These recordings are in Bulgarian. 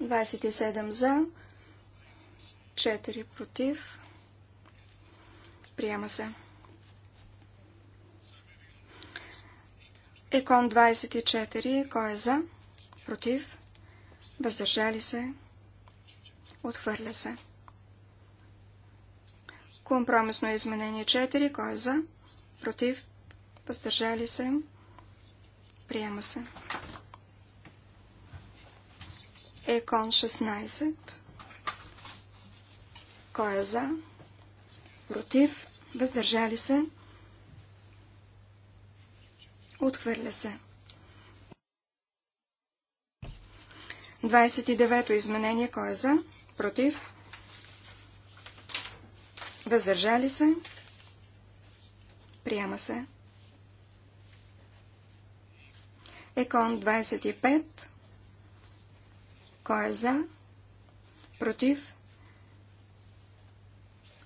27 за, 4 против. Приема се. Екон 24. Кой е за? Против. Въздържали се. Отхвърля се. Компромисно изменение 4. Кой е за? Против. Въздържали се. Приема се. Екон 16. Кой е за? Против? Въздържали се? Отхвърля се. 29-то изменение. Кой е за? Против? Въздържали се? Приема се. Екон 25. Кой е за? Против?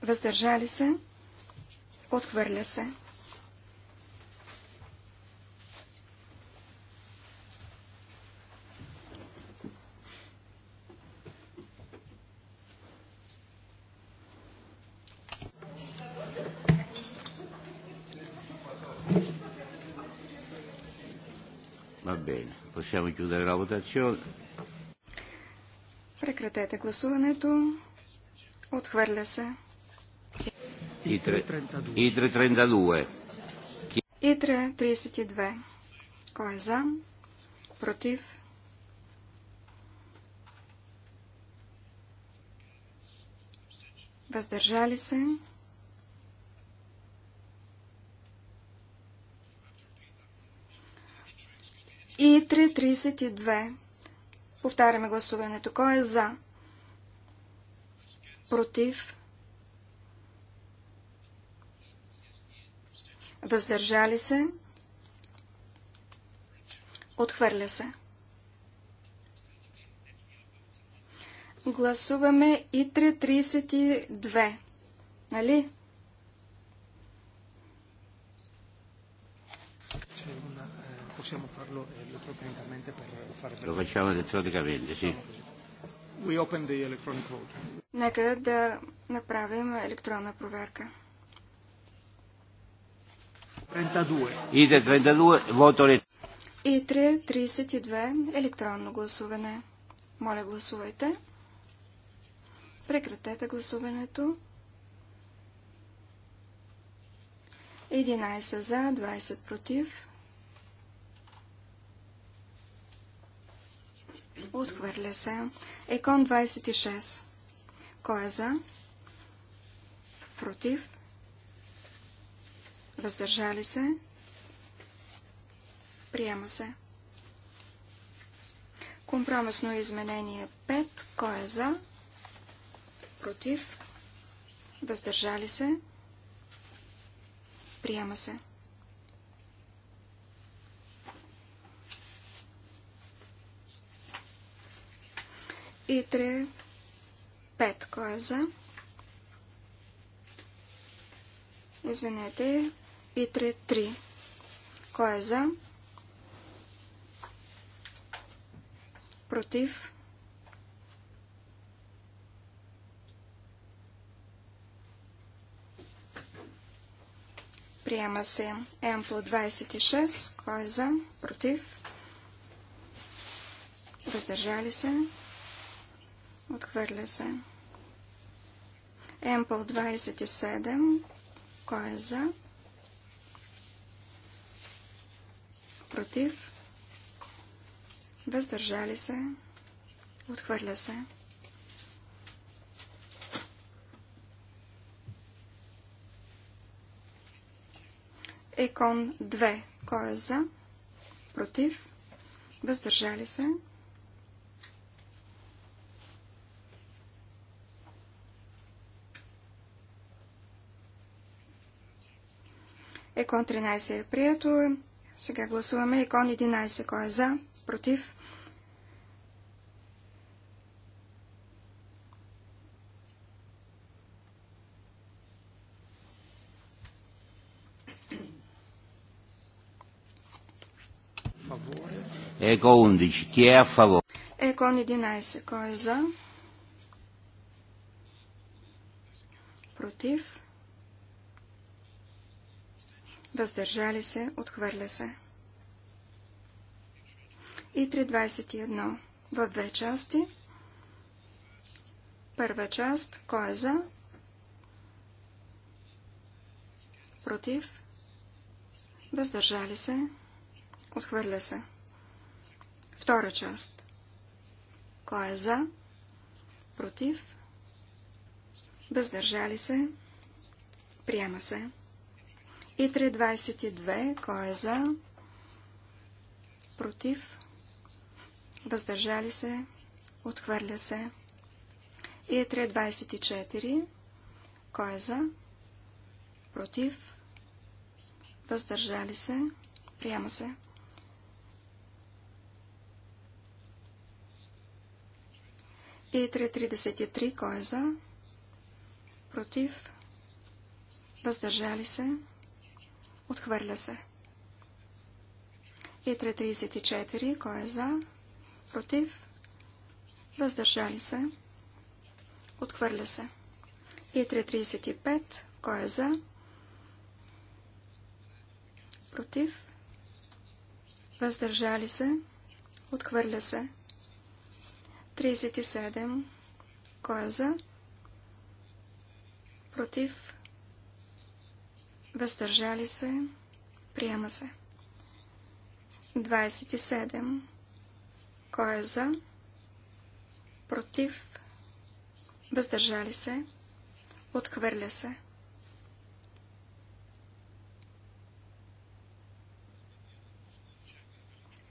Въздържали се? Отхвърля се. Va bene, possiamo chiudere la votazione. Прекратете гласуването. Отхвърля се. Итре 32. Итре 32. Кой е за? Против? Въздържали се? И 3.32. Повтаряме гласуването. Кой е за? Против? Въздържали се? Отхвърля се. Гласуваме и 3.32. Нали? possiamo farlo eh, tecnicamente per fare... Lo facciamo elettronicamente, sì. We open the electronic vote. Нека да направим електронна проверка. 32. Иде 32, вото ли? И 3, 32, електронно гласуване. Моля, гласувайте. Прекратете гласуването. 11 за, 20 против. Отхвърля се. Екон 26. Кой е за? Против. Въздържали се. Приема се. Компромисно изменение 5. Кой е за? Против. Въздържали се. Приема се. И 3, 5. Кой е за? Извинете. И 3, 3. Кой е за? Против. Приема се Емпло 26. Кой е за? Против. Въздържали се. Отхвърля се. Емпъл 27. Кой е за? Против. Въздържали се. Отхвърля се. Екон 2. Кой е за? Против. Въздържали се. Екон 13 е прието. Сега гласуваме Екон 11. Кой е за? Против? Еко 11. е фавор? Екон 11. Кой е за? Против? въздържали се, отхвърля се. И 3.21 в две части. Първа част, кой е за? Против? Въздържали се? Отхвърля се. Втора част. Кой е за? Против? Въздържали се? Приема се. И 3.22. Кой е за? Против? Въздържали се? Отхвърля се. И 3.24. Кой е за? Против? Въздържали се? Приема се. И 3.33. Кой е за? Против? Въздържали се? Отхвърля се. Литра 34, Кой е за? Против? Въздържали се. Отхвърля се. Литра 35, Кой е за? Против? Въздържали се. Отхвърля се. 37. Кой е за? Против? въздържали се, приема се. 27. Кой е за? Против, въздържали се, отхвърля се.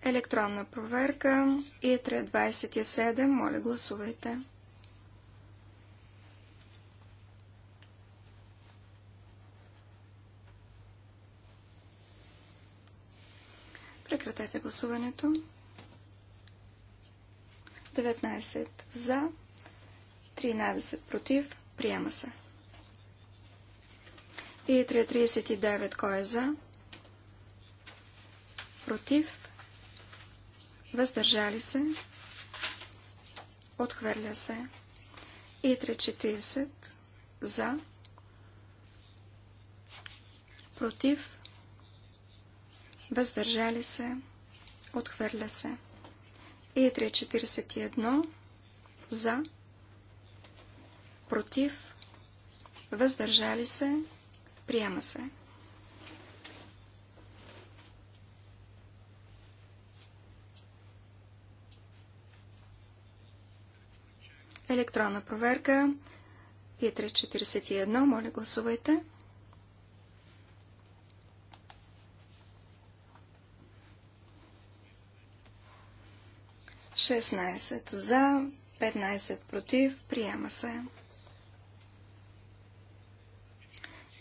Електронна проверка и 327. Моля, гласувайте. Прекратете гласуването. 19 за, 13 против, приема се. И 339 кой е за, против, въздържали се, отхвърля се. И 340 за, против, въздържали се, отхвърля се. И 341 за, против, въздържали се, приема се. Електронна проверка И341. Моля, гласувайте. 16 за, 15 против, приема се.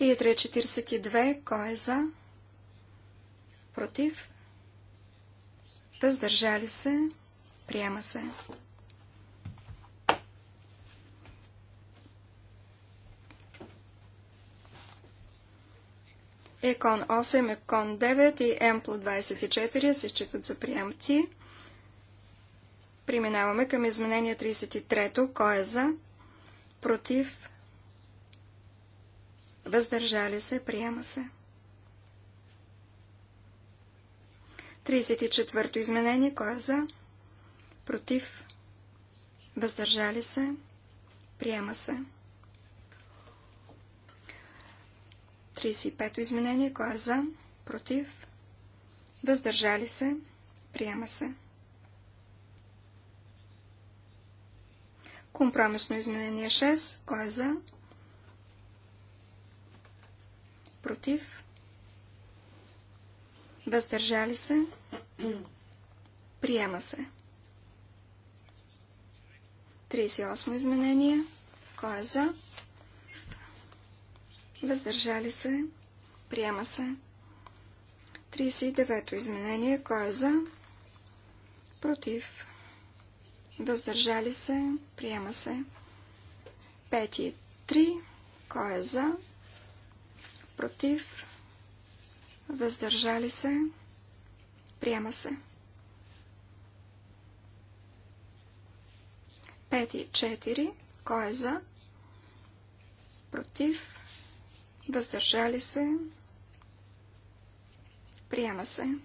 И 342, кой е за? Против? Въздържали се, приема се. Екон 8, Екон 9 и Емпло 24 се считат за приемти. Преминаваме към изменение 33-то. Кой е за? Против? Въздържали се? Приема се. 34-то изменение. Кой е за? Против? Въздържали се? Приема се. 35-то изменение. Кой е за? Против? Въздържали се? Приема се. Компромисно изменение 6. Кой е за? Против? Въздържали се? Приема се. 38 изменение. Кой е за? Въздържали се? Приема се. 39 изменение. Кой е за? Против? Въздържали се? Приема се. 5 и 3. Кой е за? Против? Въздържали се? Приема се. 5 и 4. Кой е за? Против? Въздържали се? Приема се.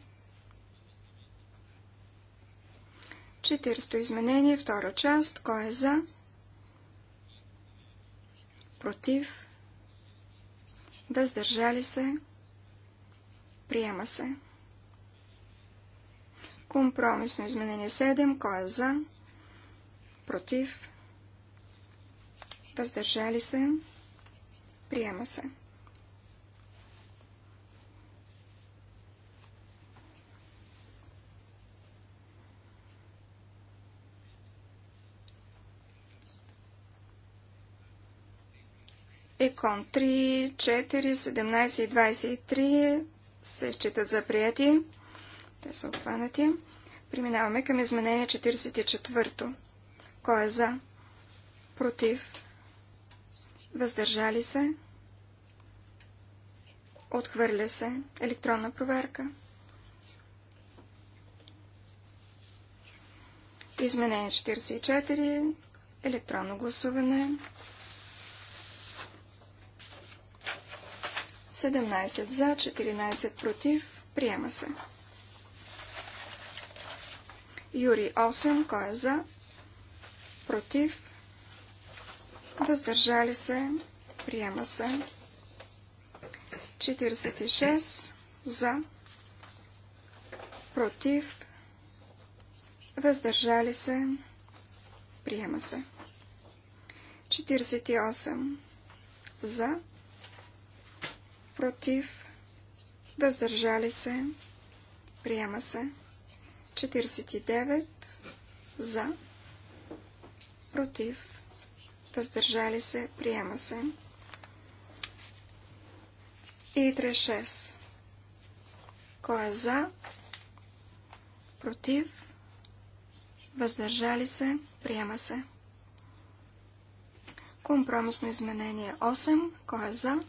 Четиристо изменение, втора част. Кой е за? Против? Въздържали се? Приема се. Компромисно изменение 7. Кой е за? Против? Въздържали се? Приема се. Екон 3, 4, 17 и 23 се считат за прияти. Те са обхванати. Преминаваме към изменение 44-то. Кой е за? Против? Въздържали се? Отхвърля се. Електронна проверка. Изменение 44. Електронно гласуване. Електронно гласуване. 17 за, 14 против. Приема се. Юри 8. Кой е за? Против. Въздържали се. Приема се. 46 за. Против. Въздържали се. Приема се. 48 за против, въздържали се, приема се. 49 за, против, въздържали се, приема се. И 36. Кой е за, против, въздържали се, приема се. Компромисно изменение 8. Кой е за?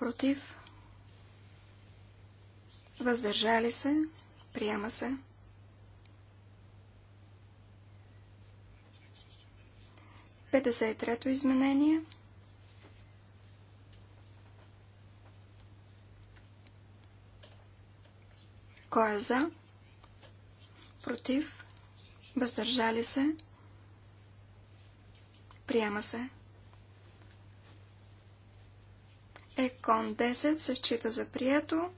против, въздържали се, приема се. Петдесет трето изменение. Кой е за? Против? Въздържали се? Приема се. ЕКОН 10 се счита за прието.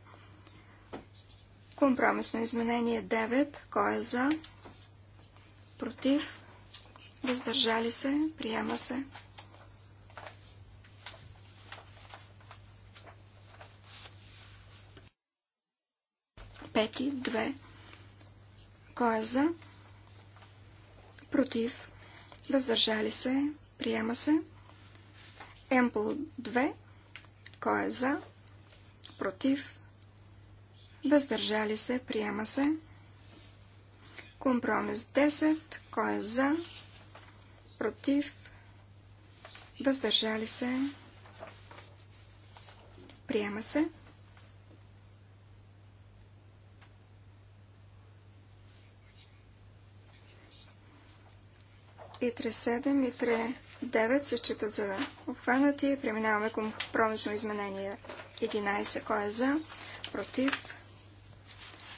Компромисно изменение 9. Кой е за? Против? Въздържали се? Приема се. Пети, две. Кой е за? Против? Въздържали се? Приема се. Емпл 2. Кой е за? Против? Въздържали се? Приема се. Компромис 10. Кой е за? Против? Въздържали се? Приема се. И 3, 7, и 3, 9 се счита за обхванати. Преминаваме към промисно изменение 11. Кой е за? Против?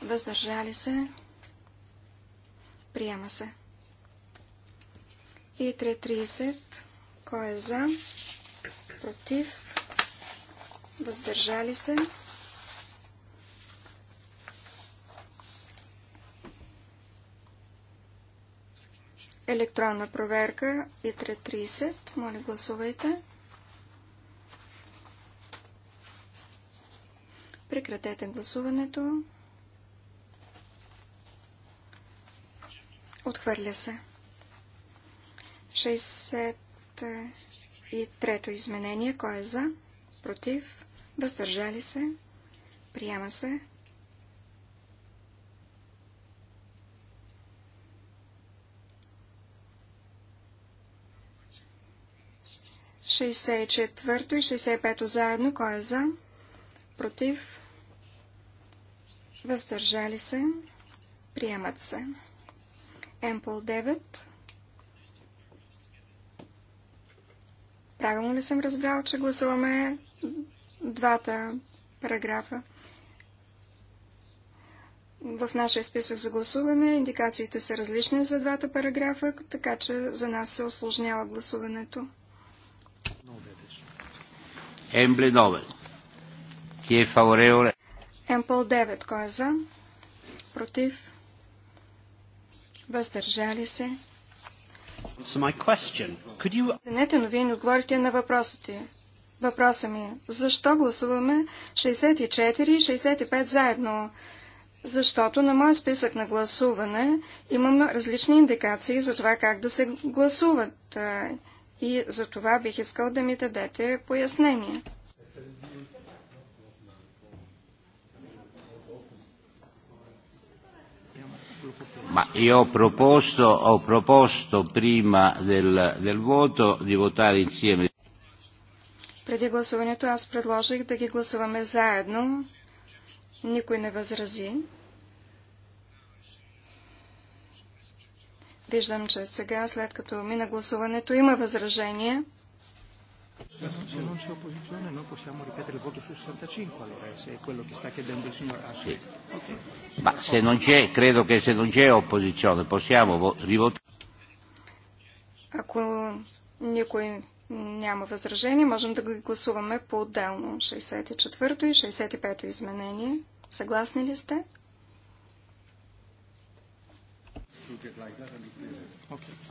Въздържали се? Приема се. И 3.30. Кой е за? Против? Въздържали се? Въздържали се. електронна проверка и 3.30. Моля, гласувайте. Прекратете гласуването. Отхвърля се. 63 трето изменение. Кой е за? Против? Въздържали се? Приема се. 64 и 65 заедно. Кой е за? Против? Въздържали се? Приемат се. Емпл 9. Правилно ли съм разбрал, че гласуваме двата параграфа? В нашия списък за гласуване индикациите са различни за двата параграфа, така че за нас се осложнява гласуването. Ембле 9. Кие фавореоле. Емпл 9. Кой е за? Против? Въздържали се? You... Денете, но вие не отговорите на въпросите. Въпросът ми е, защо гласуваме 64 и 65 заедно? Защото на моя списък на гласуване имам различни индикации за това как да се гласуват и за това бих искал да ми дадете пояснение. Ma io ho proposto, ho proposto prima del, del voto di votare insieme. Преди гласуването аз предложих да ги гласуваме заедно. Никой не възрази. Виждам, че сега, след като мина гласуването, има възражение. Ако никой няма възражение, можем да ги гласуваме по-отделно. 64-то и 65-то изменение. Съгласни ли сте?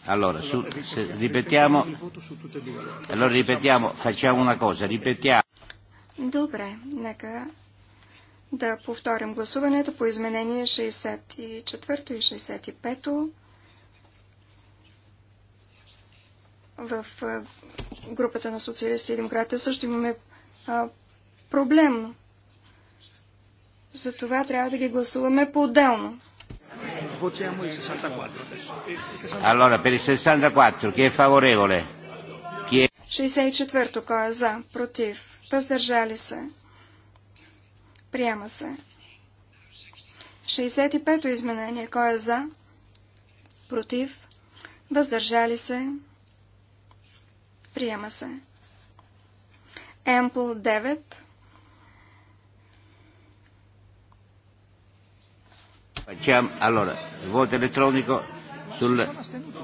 Allora, su, se, ripetiamo, allora ripetiamo, facciamo una cosa, ripetiamo. Добре, нека да повторим гласуването по изменение 64 и 65 в групата на социалисти и демократите също имаме а, проблем. Затова трябва да ги гласуваме по-отделно. Votiamo il 64 adesso. Allora, per il 64, chi è favorevole? Chi è... 64-то, кой е за, против, въздържали се. Приема се. 65-то изменение, кой е за, против, въздържали се. Приема се. Емпл 9 Facciamo, allora, il voto elettronico sul,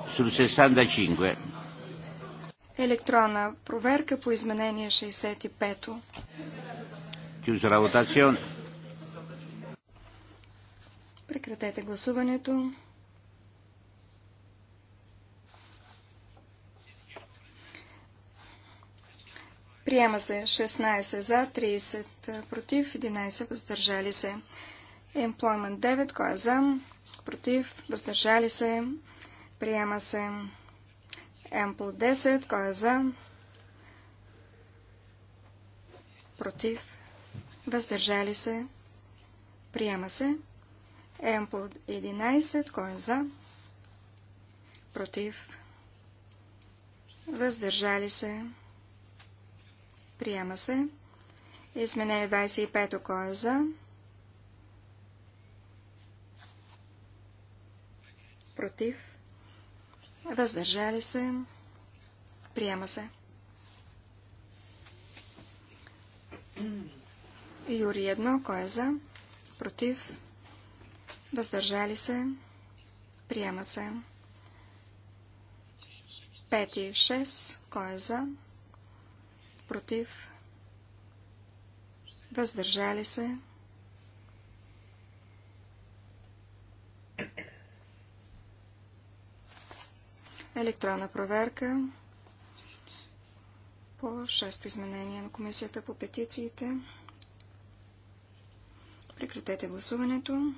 sul 65. elettrona проверка по изменение 65-то. Chiusa la votazione. Прекратете гласуването. Приема се 16 за, 30 против, 11 въздържали се. Employment 9, кой е за, против, въздържали се, приема се. Ample 10, кой е за, против, въздържали се, приема се. Ample 11, кой е за, против, въздържали се, приема се. Изменение 25, кой е за, против, против, въздържали се, приема се. Юри 1, кой е за, против, въздържали се, приема се. Пети и 6, кой е за, против, въздържали се, приема се. Електронна проверка по 6 изменение на Комисията по петициите. Прекратете гласуването.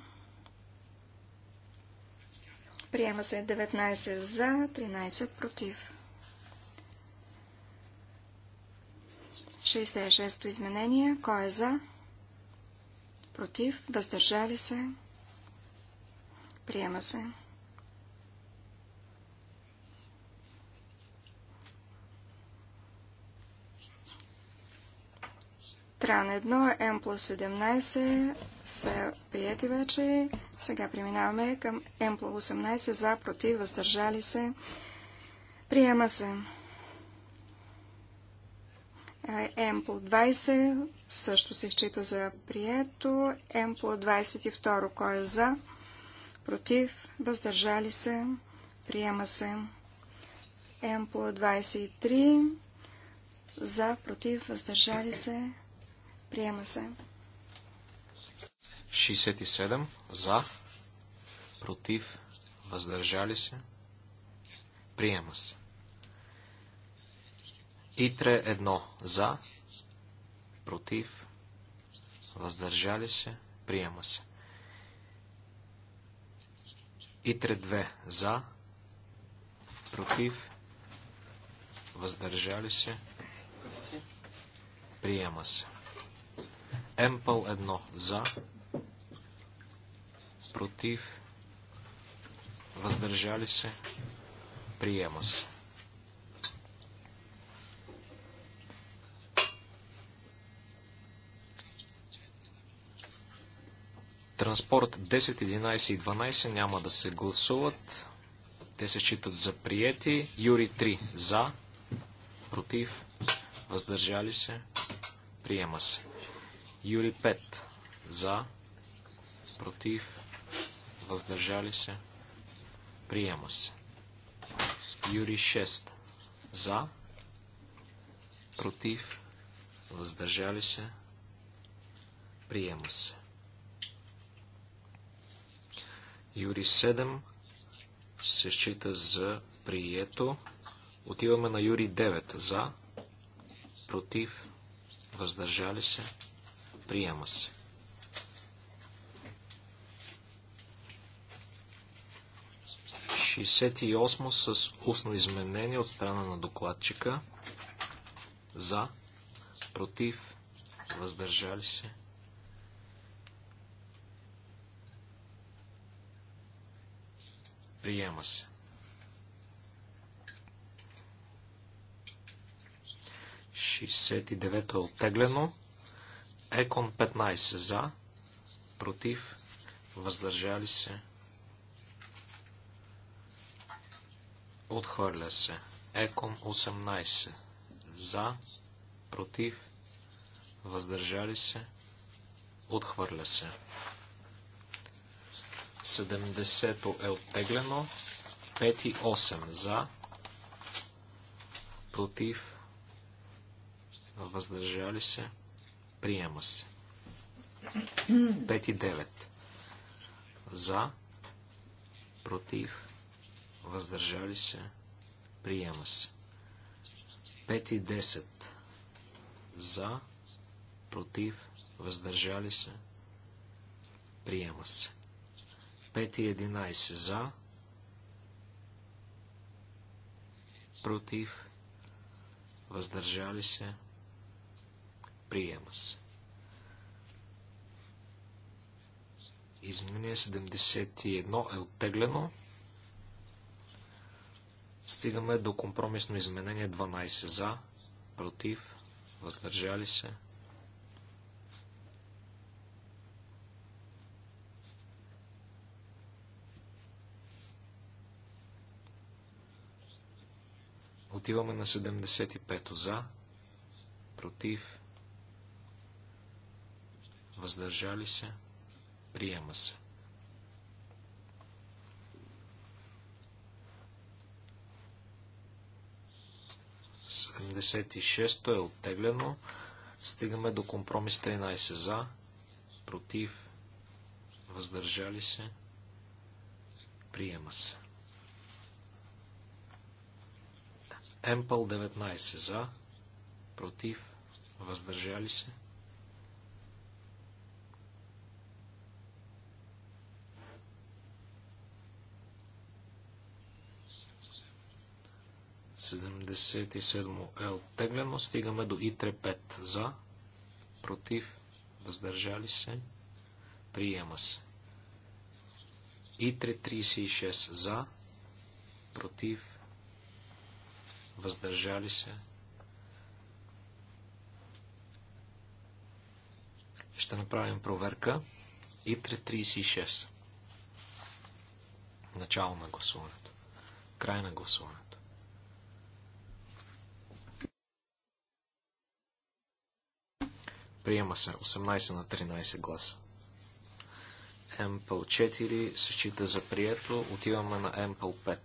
Приема се 19 за, 13 против. 66-то изменение. Кой е за? Против. Въздържали се. Приема се. Тран 1, М плюс 17 са прияти вече. Сега преминаваме към М плюс 18 за, против, въздържали се. Приема се. Е, М плюс 20 също се счита за прието. М плюс 22, кой е за, против, въздържали се. Приема се. М плюс 23 за, против, въздържали се. Приема се. 67 за, против, въздържали се. Приема се. Итре 1 за, против, въздържали се. Приема се. Итре 2 за, против, въздържали се. Приема се. Емпъл 1 за, против, въздържали се, приема се. Транспорт 10, 11 и 12 няма да се гласуват. Те се считат за приети. Юри 3 за, против, въздържали се, приема се. Юри 5. За. Против. Въздържали се. Приема се. Юри 6. За. Против. Въздържали се. Приема се. Юри 7 се счита за прието. Отиваме на Юри 9. За. Против. Въздържали се. Приема се. и осмо с устно изменение от страна на докладчика. За. Против. Въздържали се. Приема се. 69 е оттеглено. Екон 15 за, против, въздържали се, отхвърля се. Екон 18 за, против, въздържали се, отхвърля се. 70 е оттеглено, 5 и 8 за, против, въздържали се, Приема се. 5 и 9. За. Против. Въздържали се. Приема се. 5 и 10. За. Против. Въздържали се. Приема се. 5 и 11. За. Против. Въздържали се. Приема Изменение 71 е оттеглено. Стигаме до компромисно изменение 12 за, против, въздържали се. Отиваме на 75 за, против, въздържали се, приема се. Седемдесет е оттеглено. Стигаме до компромис 13 за, против, въздържали се, приема се. Емпъл 19 за, против, въздържали се, 77 е оттеглено. Стигаме до ИТРЕ 5 за, против, въздържали се, приема се. ИТРЕ 36 за, против, въздържали се. Ще направим проверка. ИТРЕ 36. Начало на гласуването. Край на гласуването. Приема се 18 на 13 гласа. МПЛ 4 се счита за прието. Отиваме на МПЛ 5.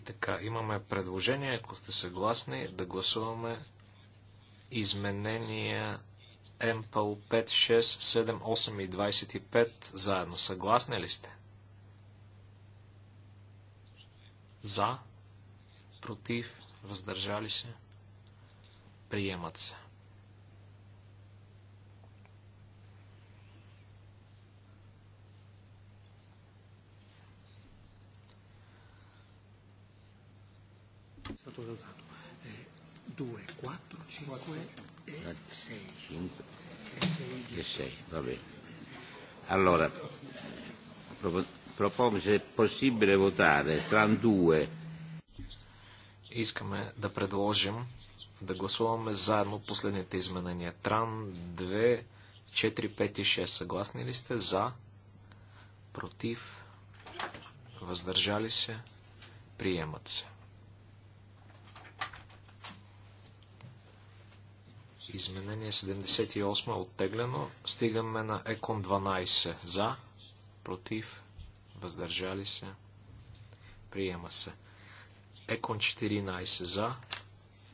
И така, имаме предложение, ако сте съгласни, да гласуваме изменения МПЛ 5, 6, 7, 8 и 25 заедно. Съгласни ли сте? За, против, въздържали се, приемат се. 2, 4, 5 e 6. 5 e 6, va bene. Allora, propongo se è possibile votare tra 2. Искаме да предложим да гласуваме заедно последните изменения. Тран 2, 4, 5 и 6. Съгласни ли сте? За, против, въздържали се, приемат се. Изменение 78 е оттеглено. Стигаме на Екон 12. За, против, въздържали се, приема се. Екон 14. За,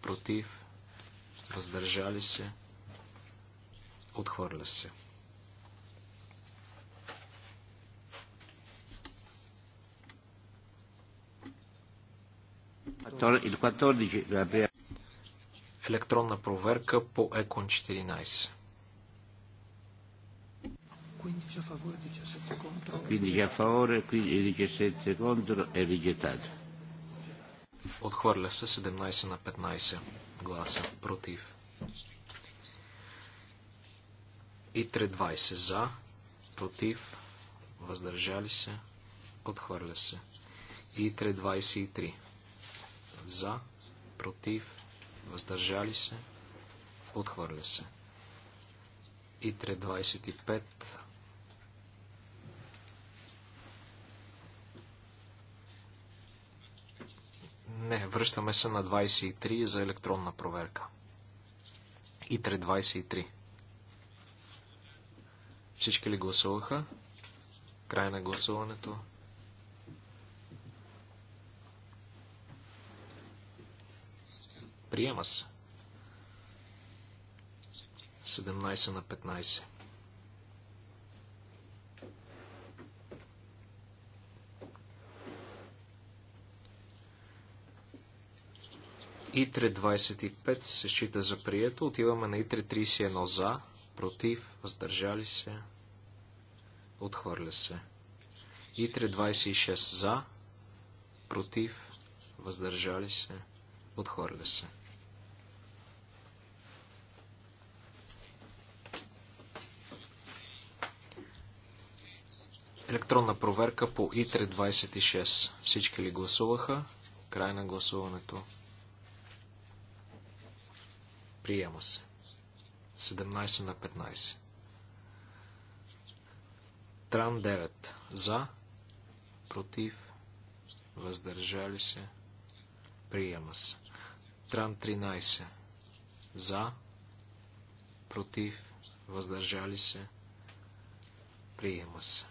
против, въздържали се, отхвърля се. Il 14 електронна проверка по ЕКОН 14. Отхвърля се 17 на 15 гласа против. И 320 за, против, въздържали се, отхвърля се. И 323 за, против, въздържали се, отхвърля се. И 325 Не, връщаме се на 23 за електронна проверка. И 323. Всички ли гласуваха? Край на гласуването. Приема се. 17 на 15. ИТРЕ 25 се счита за прието. Отиваме на ИТРЕ 31 за, против, въздържали се, отхвърля се. ИТРЕ 26 за, против, въздържали се, отхвърля се. Електронна проверка по ИТРЕ 26. Всички ли гласуваха? Край на гласуването. Приема се. 17 на 15. Тран 9. За. Против. Въздържали се. Приема се. Тран 13. За. Против. Въздържали се. Приема се.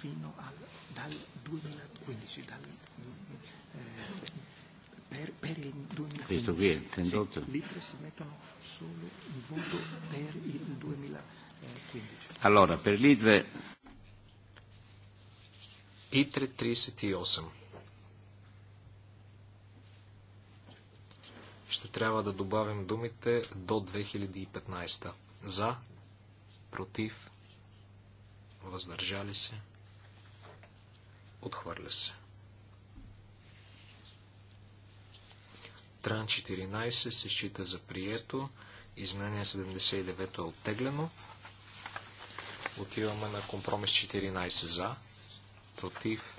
fino al dal 2015 dal, eh, per, per il 2015 questo qui sì, litre si mettono solo in voto per il 2015 allora per litre ITRE 38 ще трябва да добавим думите до 2015 за против въздържали се Отхвърля се. Тран 14 се счита за прието. Изменение 79 е оттеглено. Отиваме на компромис 14 за. Против.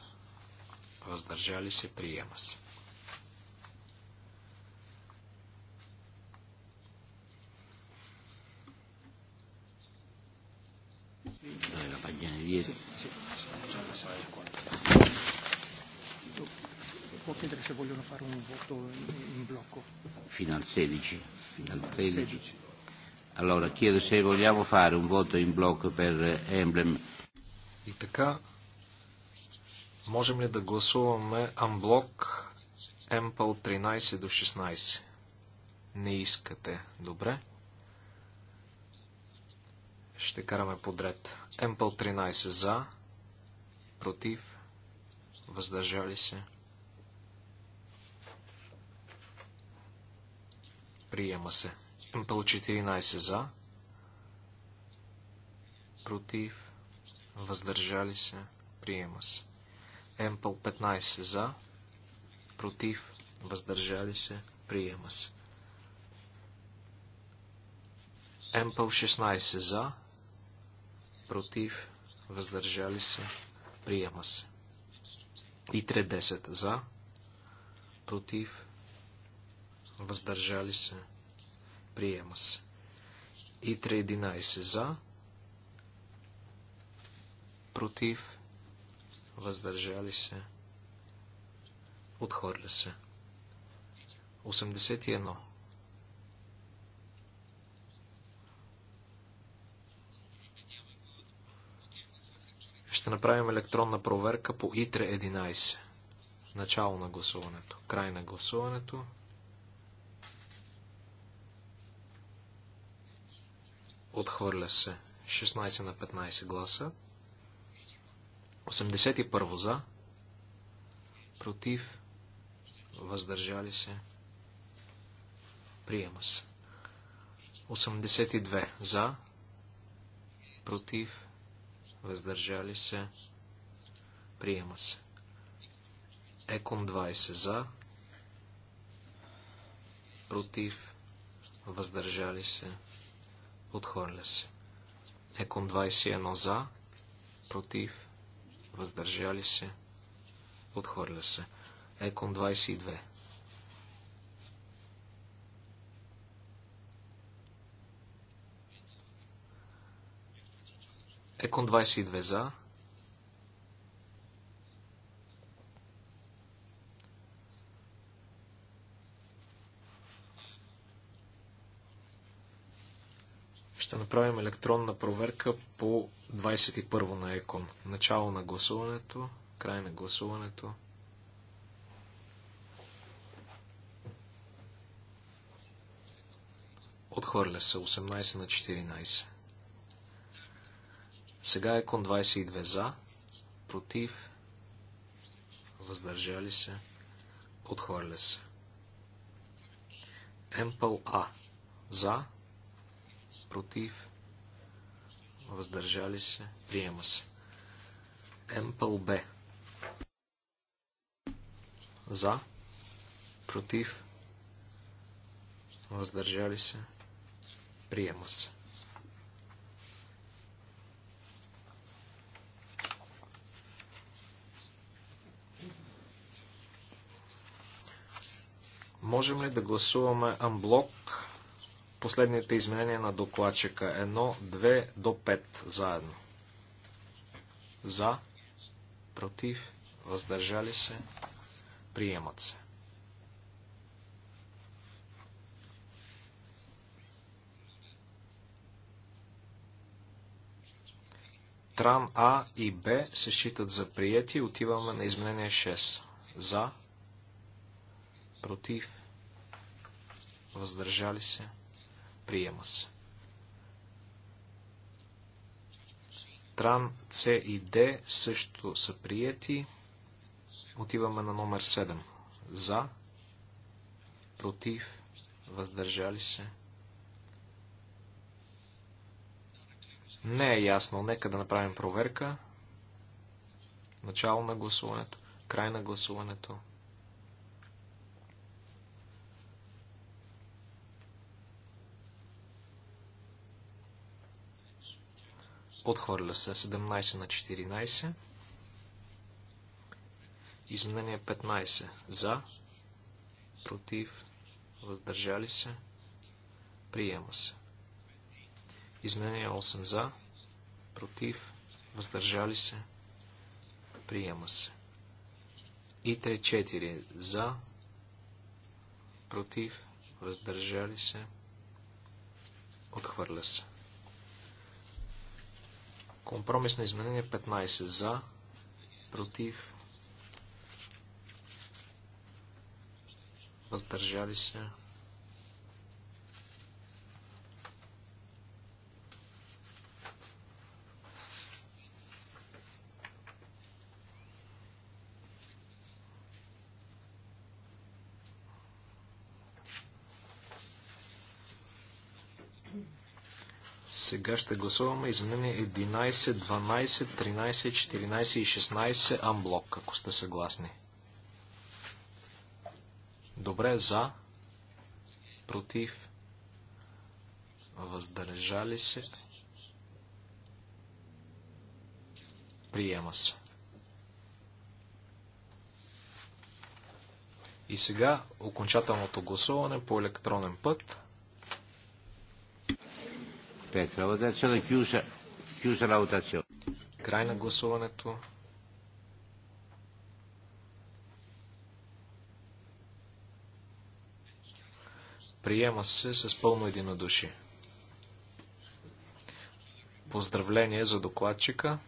Въздържали се. Приема се. la pagina può chiedere se vogliono fare un voto in, in blocco. Fino al 16. Fino al 16. 16. Allora chiedo se vogliamo fare un voto in blocco per Emblem. И така, можем ли да гласуваме Unblock Ample 13 до 16? Не искате. Добре. Ще караме подред. Ample 13 за, против, въздържали се, Приема се. МПЛ 14 за. Против. Въздържали се. Приема се. МПЛ 15 за. Против. Въздържали се. Приема се. МПЛ 16 за. Против. Въздържали се. Приема се. И 10 за. Против въздържали се, приема се. И 3.11 за, против, въздържали се, отхвърля се. 81. Ще направим електронна проверка по ИТРЕ 11. Начало на гласуването. Край на гласуването. Отхвърля се. 16 на 15 гласа. 81 за. Против. Въздържали се. Приема се. 82 за. Против. Въздържали се. Приема се. Екон 20 за. Против. Въздържали се. Отхвърля се. Екон 21 за, против, въздържали се. Отхвърля се. Екон 22. Екон 22 за, Ще направим електронна проверка по 21 на ЕКОН. Начало на гласуването, край на гласуването. Отхвърля се 18 на 14. Сега ЕКОН 22 за, против, въздържали се, отхвърля се. Емпъл А за, против, въздържали се, приема се. Емпъл Б. За, против, въздържали се, приема се. Можем ли да гласуваме амблок последните изменения на докладчика. 1, 2 до 5 заедно. За, против, въздържали се, приемат се. Тран А и Б се считат за приети. Отиваме на изменение 6. За, против, въздържали се, Приема се. Тран, С и Д също са приети. Отиваме на номер 7. За. Против. Въздържали се. Не е ясно. Нека да направим проверка. Начало на гласуването. Край на гласуването. Отхвърля се 17 на 14. Изменение 15. За. Против. Въздържали се. Приема се. Изменение 8. За. Против. Въздържали се. Приема се. И 3-4. За. Против. Въздържали се. Отхвърля се. Компромис на изменение 15 за, против, въздържали се. Сега ще гласуваме изменение 11, 12, 13, 14 и 16 амблок, ако сте съгласни. Добре, за, против, въздържали се, приема се. И сега окончателното гласуване по електронен път. Петра Лаутация, Кюса Лаутация. Край на гласуването. Приема се с пълно единодушие. Поздравление за докладчика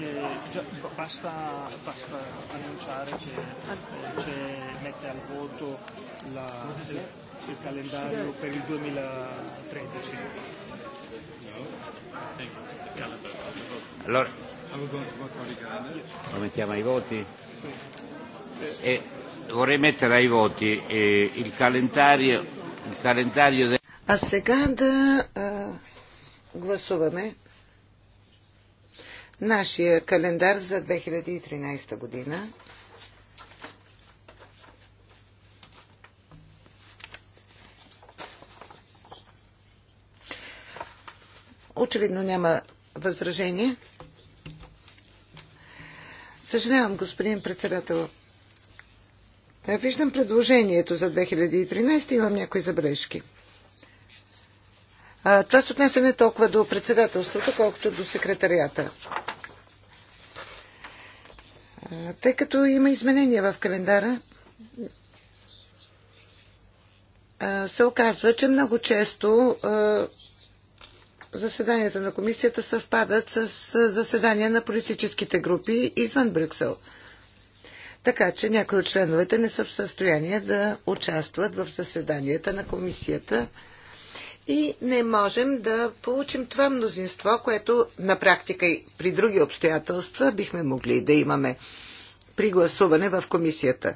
che già, basta, basta annunciare che eh, c'è, mette al voto la, il, il calendario per il 2013. Allora, lo mettiamo ai voti? E vorrei mettere ai voti eh, il calendario. Il calendario de... А сега да а, гласуваме нашия календар за 2013 година. Очевидно няма възражение. Съжалявам, господин председател. Виждам предложението за 2013 и имам някои забележки. Това се отнесе не толкова до председателството, колкото до секретарията. Тъй като има изменения в календара, се оказва, че много често заседанията на комисията съвпадат с заседания на политическите групи извън Брюксел. Така че някои от членовете не са в състояние да участват в заседанията на комисията и не можем да получим това мнозинство, което на практика и при други обстоятелства бихме могли да имаме при гласуване в комисията.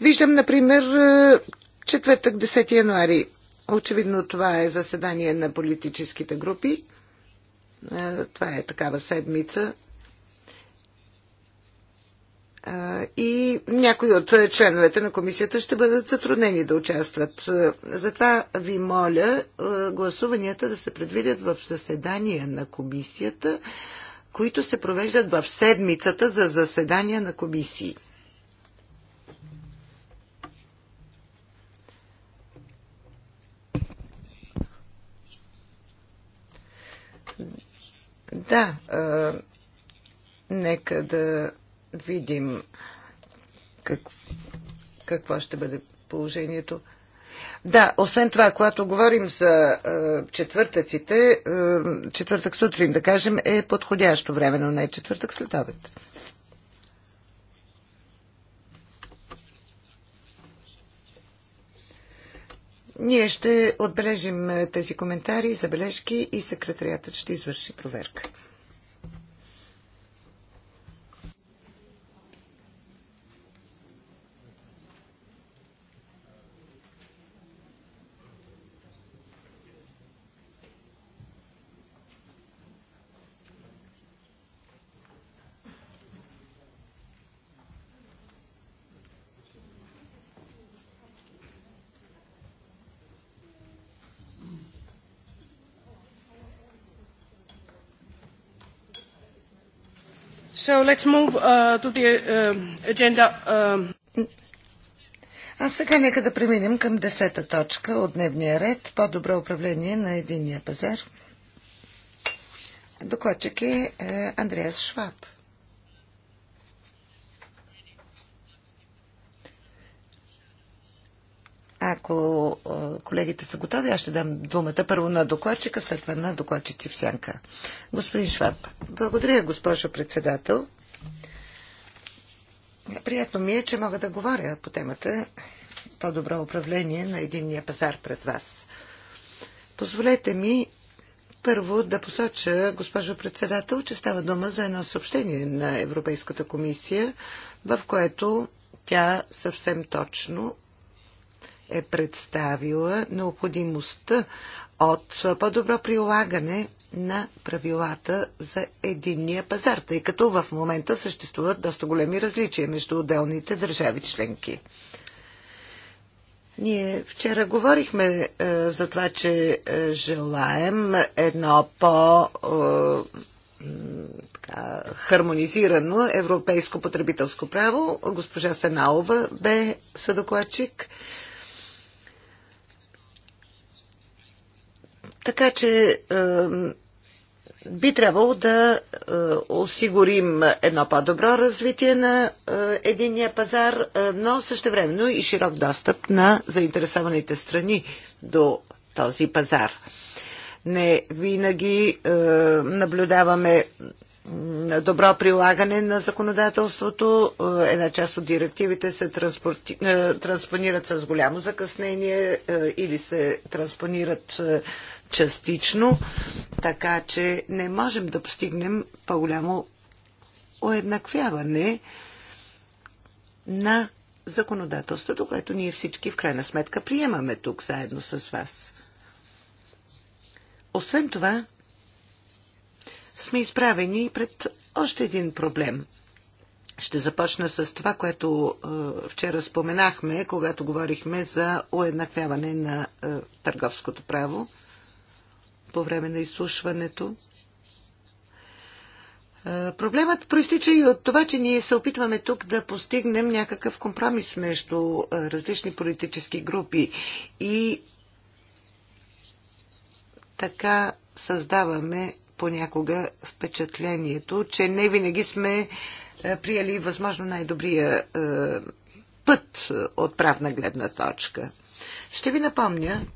Виждам, например, е, четвъртък 10 януари. Очевидно това е заседание на политическите групи. Е, това е такава седмица и някои от членовете на комисията ще бъдат затруднени да участват. Затова ви моля гласуванията да се предвидят в заседания на комисията, които се провеждат в седмицата за заседания на комисии. Да, нека да видим как, какво ще бъде положението. Да, освен това, когато говорим за е, четвъртъците, е, четвъртък сутрин, да кажем, е подходящо време, но не е четвъртък след обед. Ние ще отбележим е, тези коментари забележки и секретариатът ще извърши проверка. So let's move uh, to the uh, agenda. Uh... А сега нека да преминем към десета точка от дневния ред по-добро управление на единния пазар. Докладчик е, е Андреас Шваб. Ако колегите са готови, аз ще дам думата първо на докладчика, след това на докладчици в сянка. Господин Шваб, благодаря, госпожо председател. Приятно ми е, че мога да говоря по темата по-добро управление на единния пазар пред вас. Позволете ми първо да посоча, госпожо председател, че става дума за едно съобщение на Европейската комисия, в което тя съвсем точно е представила необходимостта от по-добро прилагане на правилата за единния пазар, тъй като в момента съществуват доста големи различия между отделните държави членки. Ние вчера говорихме е, за това, че е, желаем едно по- е, така, хармонизирано европейско потребителско право. Госпожа Сеналова бе съдокладчик. Така че би трябвало да е, осигурим едно по-добро развитие на е, единния пазар, е, но също времено и широк достъп на заинтересованите страни до този пазар. Не винаги наблюдаваме добро прилагане на законодателството. Е, една част от директивите се е, транспонират с голямо закъснение е, или се транспонират частично, така че не можем да постигнем по-голямо уеднаквяване на законодателството, което ние всички в крайна сметка приемаме тук заедно с вас. Освен това, сме изправени пред още един проблем. Ще започна с това, което е, вчера споменахме, когато говорихме за уеднаквяване на е, търговското право по време на изслушването. Е, проблемът проистича и от това, че ние се опитваме тук да постигнем някакъв компромис между е, различни политически групи и така създаваме понякога впечатлението, че не винаги сме е, приели възможно най-добрия е, път е, от правна гледна точка. Ще ви напомня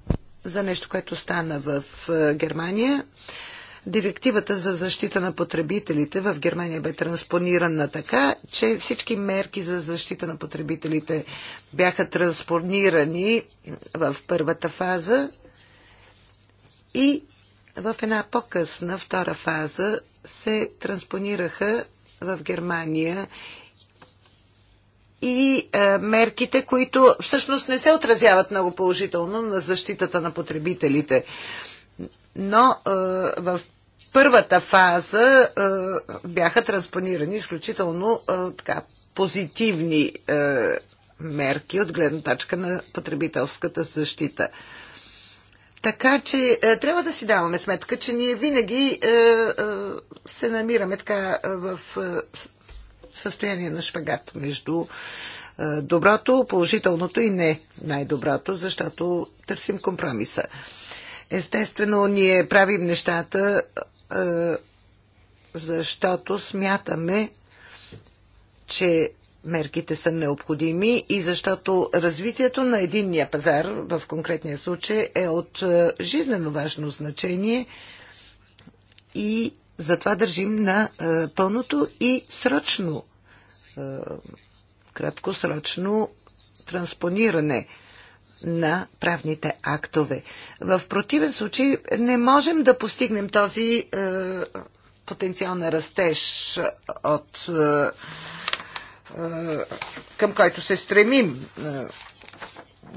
за нещо, което стана в Германия. Директивата за защита на потребителите в Германия бе транспонирана така, че всички мерки за защита на потребителите бяха транспонирани в първата фаза и в една по-късна втора фаза се транспонираха в Германия и а, е, мерките, които всъщност не се отразяват много положително на защитата на потребителите. Но а, е, в първата фаза а, е, бяха транспонирани изключително а, така, позитивни а, мерки от гледна точка на потребителската защита. Така че е, трябва да си даваме сметка, че ние винаги е, е, се намираме така в състояние на шпагат между доброто, положителното и не най-доброто, защото търсим компромиса. Естествено, ние правим нещата, защото смятаме, че мерките са необходими и защото развитието на единния пазар в конкретния случай е от е, жизнено важно значение и затова държим на е, пълното и срочно, е, краткосрочно транспониране на правните актове. В противен случай не можем да постигнем този е, потенциал на растеж от е, към който се стремим.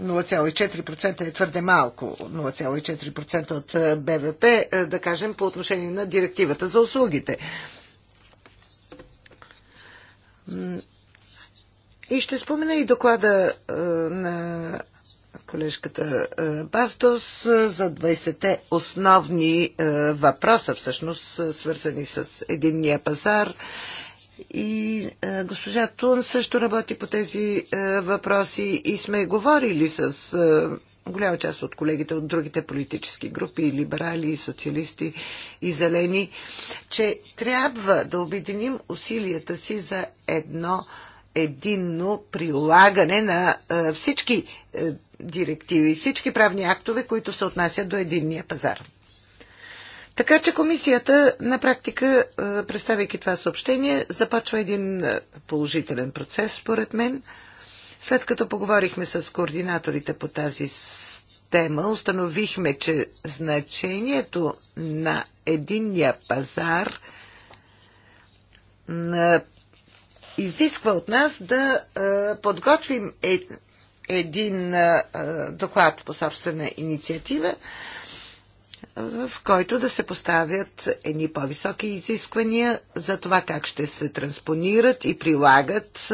0,4% е, е твърде малко, 0,4% от е, БВП, е, да кажем, по отношение на директивата за услугите. И ще спомена и доклада на колежката Бастос за 20-те основни въпроса, всъщност свързани с единния пазар и а, е, госпожа Тун също работи по тези а, е, въпроси и сме говорили с а, е, голяма част от колегите от другите политически групи, либерали, и социалисти и зелени, че трябва да обединим усилията си за едно единно прилагане на а, всички а, директиви, всички правни актове, които се отнасят до единния пазар. Така че комисията на практика, е, представяйки това съобщение, започва един е, положителен процес, според мен. След като поговорихме с координаторите по тази тема, установихме, че значението на единния пазар на е, изисква от нас да подготвим един доклад по собствена инициатива, в който да се поставят едни по-високи изисквания за това как ще се транспонират и прилагат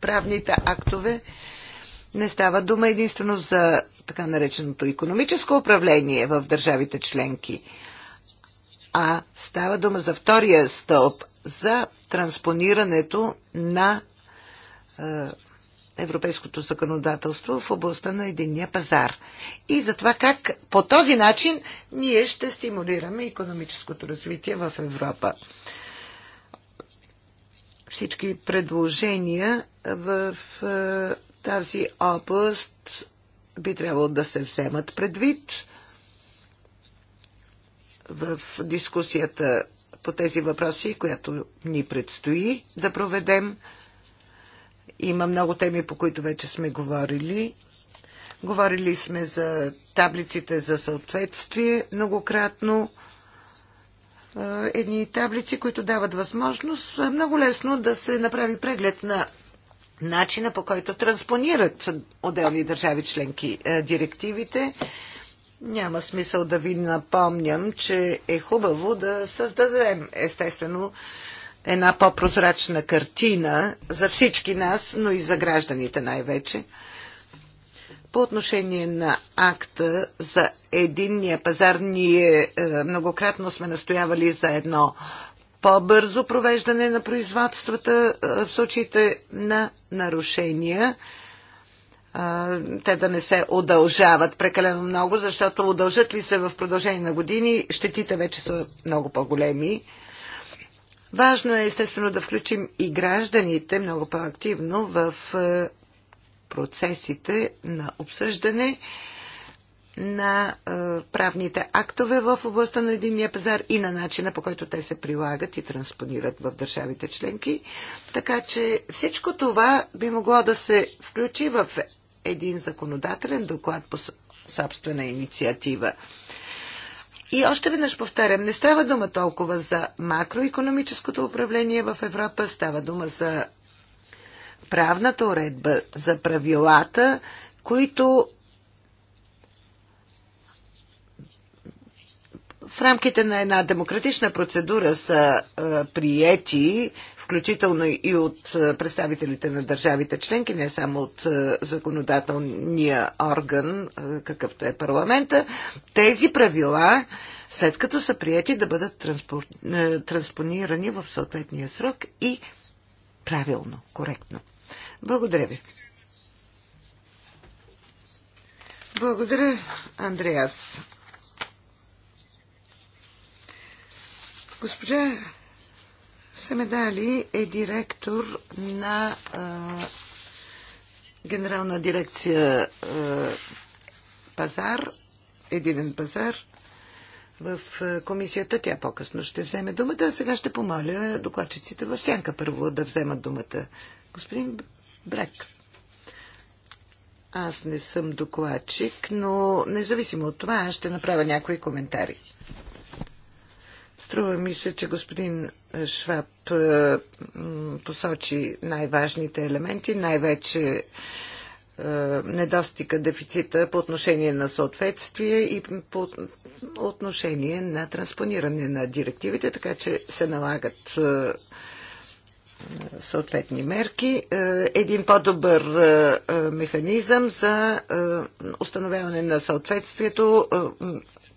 правните актове. Не става дума единствено за така нареченото економическо управление в държавите членки, а става дума за втория стълб за транспонирането на е, европейското законодателство в областта на единния пазар. И за това как по този начин ние ще стимулираме економическото развитие в Европа. Всички предложения в е, тази област би трябвало да се вземат предвид в дискусията по тези въпроси, която ни предстои да проведем. Има много теми, по които вече сме говорили. Говорили сме за таблиците за съответствие многократно. Е, едни таблици, които дават възможност е, много лесно да се направи преглед на начина по който транспонират отделни държави членки е, директивите. Няма смисъл да ви напомням, че е хубаво да създадем естествено една по-прозрачна картина за всички нас, но и за гражданите най-вече. По отношение на акта за единния пазар, ние е, многократно сме настоявали за едно по-бързо провеждане на производствата е, в случаите на нарушения. Е, те да не се удължават прекалено много, защото удължат ли се в продължение на години, щетите вече са много по-големи. Важно е естествено да включим и гражданите много по-активно в е, процесите на обсъждане на е, правните актове в областта на единния пазар и на начина по който те се прилагат и транспонират в държавите членки. Така че всичко това би могло да се включи в един законодателен доклад по собствена инициатива. И още веднъж повтарям, не става дума толкова за макроекономическото управление в Европа, става дума за правната уредба, за правилата, които в рамките на една демократична процедура са е, приети, включително и от е, представителите на държавите членки, не само от е, законодателния орган, какъвто е парламента, тези правила, след като са приети, да бъдат транспонирани в съответния срок и правилно, коректно. Благодаря ви. Благодаря, Андреас. Госпожа Семедали е директор на а, Генерална дирекция а, Пазар, Единен пазар в комисията. Тя по-късно ще вземе думата. А сега ще помоля докладчиците в сянка първо да вземат думата. Господин Брек. Аз не съм докладчик, но независимо от това, аз ще направя някои коментари. Струва ми се, че господин Шваб е, посочи най-важните елементи, най-вече е, недостига, дефицита по отношение на съответствие и по отношение на транспониране на директивите, така че се налагат е, съответни мерки. Един по-добър механизъм за установяване на съответствието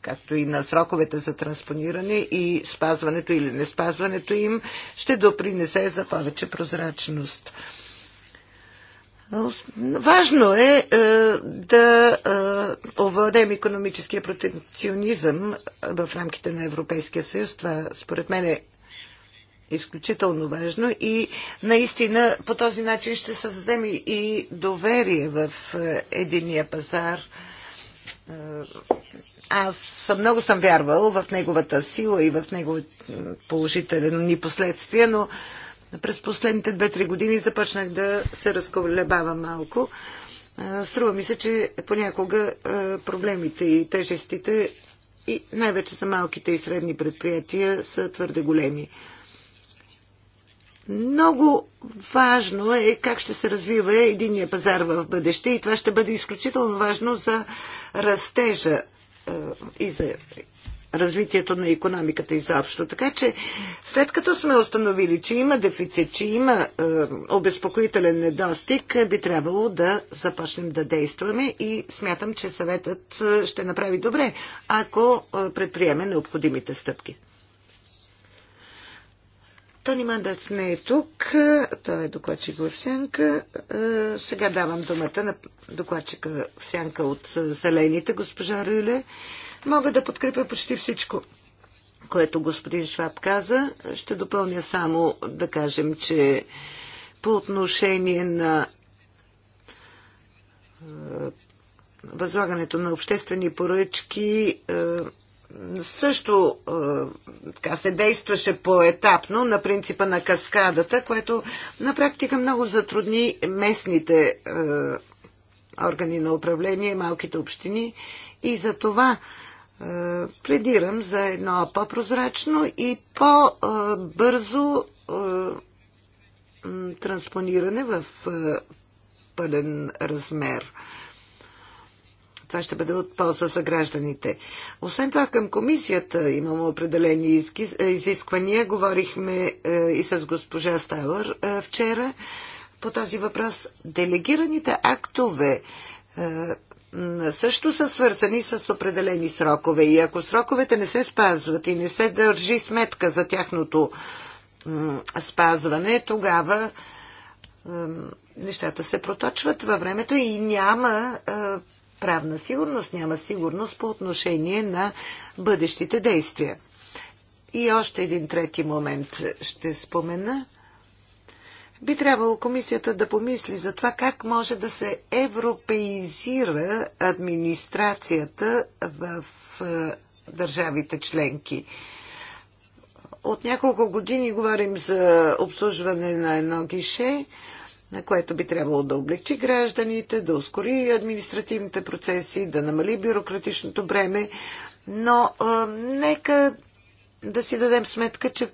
както и на сроковете за транспониране и спазването или не спазването им, ще допринесе за повече прозрачност. Важно е, е да е, овладеем економическия протекционизъм е, в рамките на Европейския съюз. Това според мен е изключително важно и наистина по този начин ще създадем и доверие в е, единия пазар. Е, аз много съм вярвал в неговата сила и в неговите положителни последствия, но през последните 2-3 години започнах да се разколебава малко. Струва ми се, че понякога проблемите и тежестите и най-вече за малките и средни предприятия са твърде големи. Много важно е как ще се развива единия пазар в бъдеще и това ще бъде изключително важно за растежа е, и за развитието на економиката изобщо. Така че, след като сме установили, че има дефицит, че има е, обезпокоителен недостиг, е, би трябвало да започнем да действаме и смятам, че съветът е, ще направи добре, ако предприеме необходимите стъпки. Тони Мандърс не е тук. Той е докладчик в Сянка. Е, сега давам думата на докладчика в Сянка от Зелените, госпожа Рюле. Мога да подкрепя почти всичко, което господин Шваб каза. Ще допълня само да кажем, че по отношение на е, възлагането на обществени поръчки е, също е, така, се действаше поетапно на принципа на каскадата, което на практика много затрудни местните е, органи на управление, малките общини и за това е, пледирам за едно по-прозрачно и по-бързо транспониране в пълен размер това ще бъде от полза за гражданите. Освен това, към комисията имаме определени е, изисквания. Говорихме е, и с госпожа Ставър е, вчера по този въпрос. Делегираните актове също са свързани с определени срокове. И ако сроковете не се спазват и не се държи сметка за тяхното спазване, тогава нещата се проточват във времето и няма правна сигурност, няма сигурност по отношение на бъдещите действия. И още един трети момент ще спомена. Би трябвало комисията да помисли за това как може да се европеизира администрацията в е, държавите членки. От няколко години говорим за обслужване на едно гише. На което би трябвало да облегчи гражданите, да ускори административните процеси, да намали бюрократичното бреме. Но а, нека да си дадем сметка, че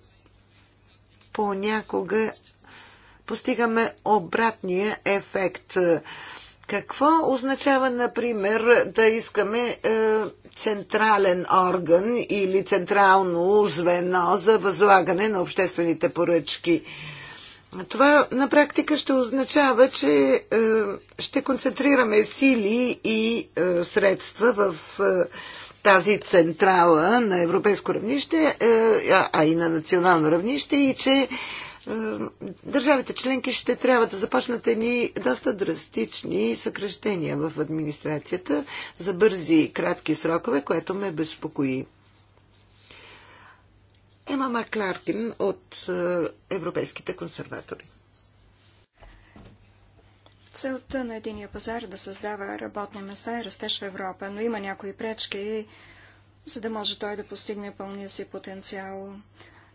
понякога постигаме обратния ефект. Какво означава, например, да искаме е, централен орган или централно звено за възлагане на обществените поръчки? Е, това на практика ще означава, че е, ще концентрираме сили и е, средства в е, тази централа на европейско равнище, а и на национално равнище и че държавите членки ще трябва да започнат едни доста драстични съкрещения в администрацията за бързи и кратки срокове, което ме безпокои. Ема Макларкин от е, Европейските консерватори. Целта на единия пазар е да създава работни места и растеж в Европа, но има някои пречки, за да може той да постигне пълния си потенциал.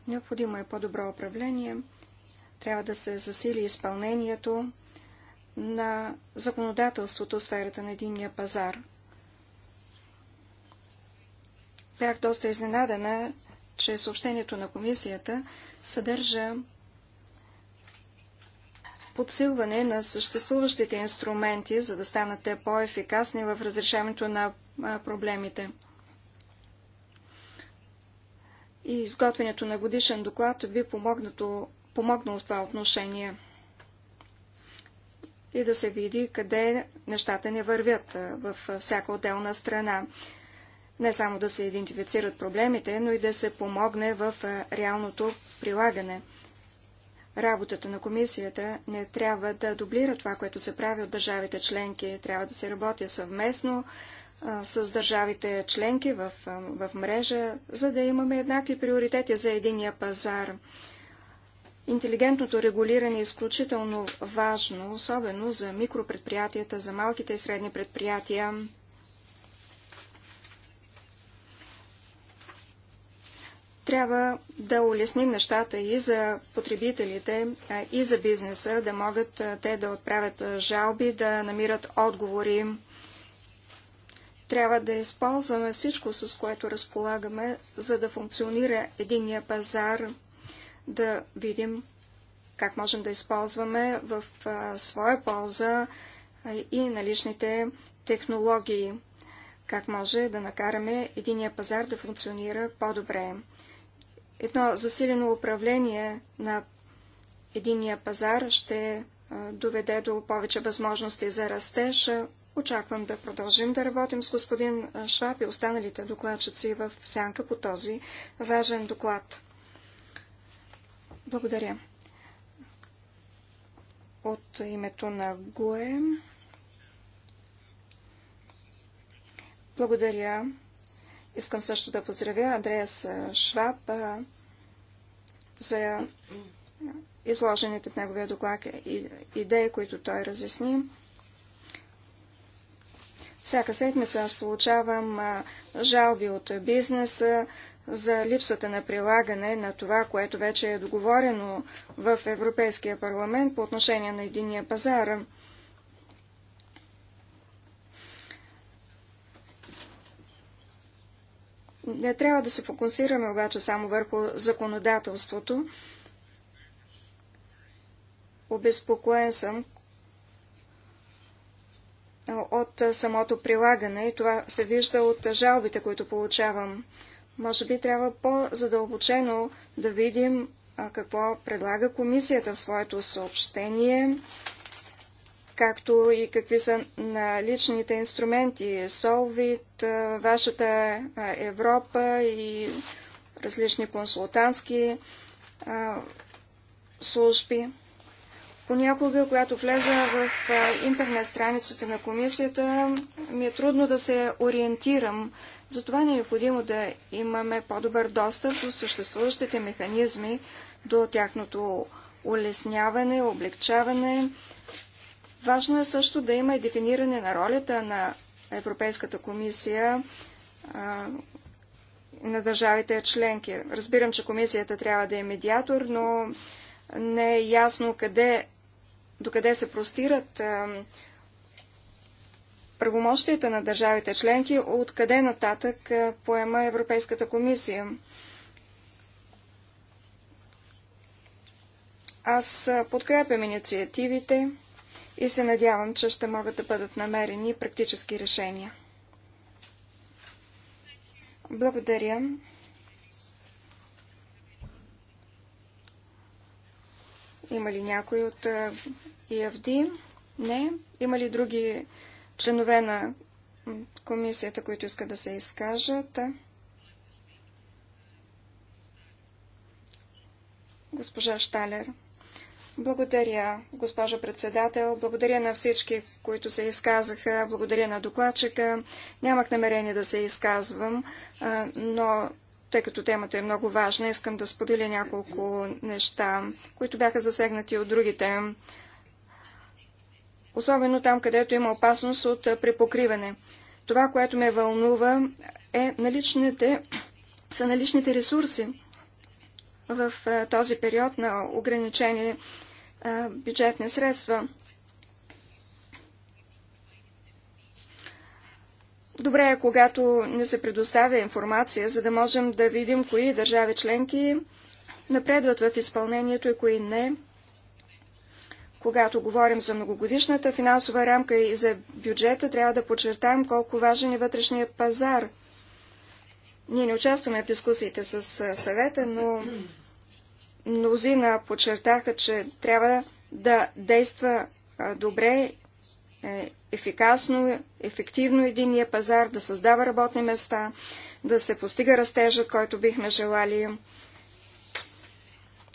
Необходимо е по-добро управление, трябва да се засили изпълнението на законодателството в сферата на единния пазар. Бях доста изненадана, че съобщението на комисията съдържа подсилване на съществуващите инструменти, за да станат те по-ефикасни в разрешаването на проблемите. И изготвянето на годишен доклад би помогнато, помогнало в това отношение и да се види къде нещата не вървят във всяка отделна страна не само да се идентифицират проблемите, но и да се помогне в реалното прилагане. Работата на комисията не трябва да дублира това, което се прави от държавите членки. Трябва да се работи съвместно а, с държавите членки в, в мрежа, за да имаме еднакви приоритети за единия пазар. Интелигентното регулиране е изключително важно, особено за микропредприятията, за малките и средни предприятия. Трябва да улесним нещата и за потребителите, и за бизнеса, да могат те да отправят жалби, да намират отговори. Трябва да използваме всичко, с което разполагаме, за да функционира единния пазар, да видим как можем да използваме в своя полза и наличните технологии, как може да накараме единия пазар да функционира по-добре едно засилено управление на единия пазар ще доведе до повече възможности за растеж. Очаквам да продължим да работим с господин Шваб и останалите докладчици в сянка по този важен доклад. Благодаря. От името на ГУЕ. Благодаря Искам също да поздравя Андреас Шваб за изложените в неговия доклад идеи, които той разясни. Всяка седмица аз получавам жалби от бизнеса за липсата на прилагане на това, което вече е договорено в Европейския парламент по отношение на единия пазар. Не трябва да се фокусираме обаче само върху законодателството. Обезпокоен съм от самото прилагане и това се вижда от жалбите, които получавам. Може би трябва по-задълбочено да видим какво предлага комисията в своето съобщение, както и какви са на личните инструменти, Солвит, вашата Европа и различни консултантски служби. Понякога, когато влеза в интернет страницата на комисията, ми е трудно да се ориентирам. Затова не е необходимо да имаме по-добър достъп до съществуващите механизми, до тяхното улесняване, облегчаване, Важно е също да има и дефиниране на ролята на Европейската комисия а, на държавите членки. Разбирам, че комисията трябва да е медиатор, но не е ясно къде, докъде се простират а, правомощията на държавите членки, откъде нататък а, поема Европейската комисия. Аз подкрепям инициативите, и се надявам, че ще могат да бъдат намерени практически решения. Благодаря. Има ли някой от ИФД? Не. Има ли други членове на комисията, които искат да се изкажат? Госпожа Шталер. Благодаря, госпожа председател. Благодаря на всички, които се изказаха. Благодаря на докладчика. Нямах намерение да се изказвам, но тъй като темата е много важна, искам да споделя няколко неща, които бяха засегнати от другите. Особено там, където има опасност от препокриване. Това, което ме вълнува, е наличните, са наличните ресурси в този период на ограничение бюджетни средства. Добре е, когато не се предоставя информация, за да можем да видим кои държави членки напредват в изпълнението и кои не. Когато говорим за многогодишната финансова рамка и за бюджета, трябва да подчертаем колко важен е вътрешния пазар. Ние не участваме в дискусиите с съвета, но Мнозина подчертаха, че трябва да действа добре, е, ефикасно, ефективно единия пазар, да създава работни места, да се постига растежът, който бихме желали.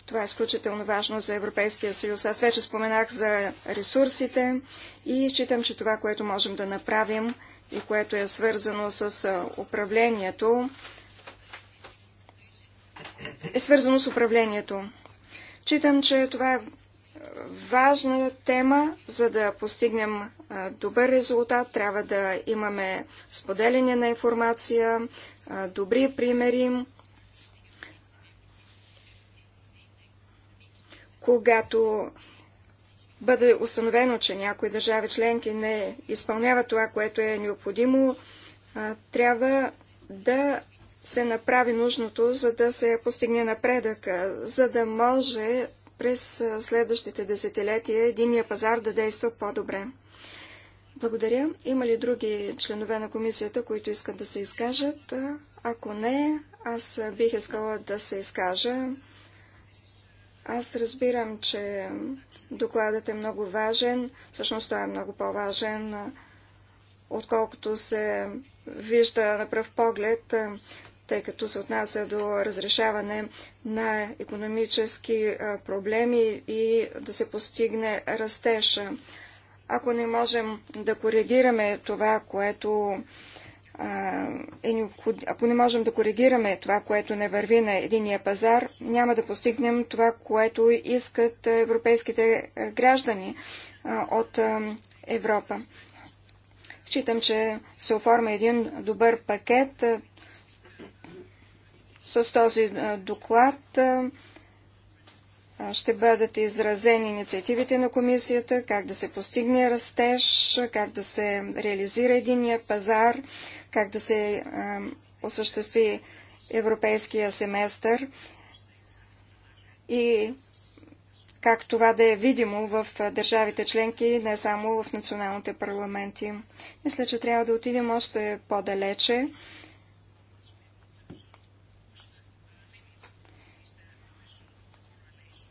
Това е изключително важно за Европейския съюз. Аз вече споменах за ресурсите и считам, че това, което можем да направим и което е свързано с управлението, е свързано с управлението. Читам, че това е важна тема, за да постигнем добър резултат. Трябва да имаме споделяне на информация, добри примери. Когато бъде установено, че някои държави членки не изпълняват това, което е необходимо, трябва да се направи нужното, за да се постигне напредък, за да може през следващите десетилетия единия пазар да действа по-добре. Благодаря. Има ли други членове на комисията, които искат да се изкажат? Ако не, аз бих искала да се изкажа. Аз разбирам, че докладът е много важен. Всъщност той е много по-важен, отколкото се вижда на пръв поглед тъй като се отнася до разрешаване на економически проблеми и да се постигне растежа. Ако не можем да коригираме това, което е необход... ако не можем да коригираме това, което не върви на единия пазар, няма да постигнем това, което искат европейските граждани от Европа. Считам, че се оформя един добър пакет. С този доклад ще бъдат изразени инициативите на комисията, как да се постигне растеж, как да се реализира единия пазар, как да се осъществи европейския семестър и как това да е видимо в държавите членки, не само в националните парламенти. Мисля, че трябва да отидем още по-далече.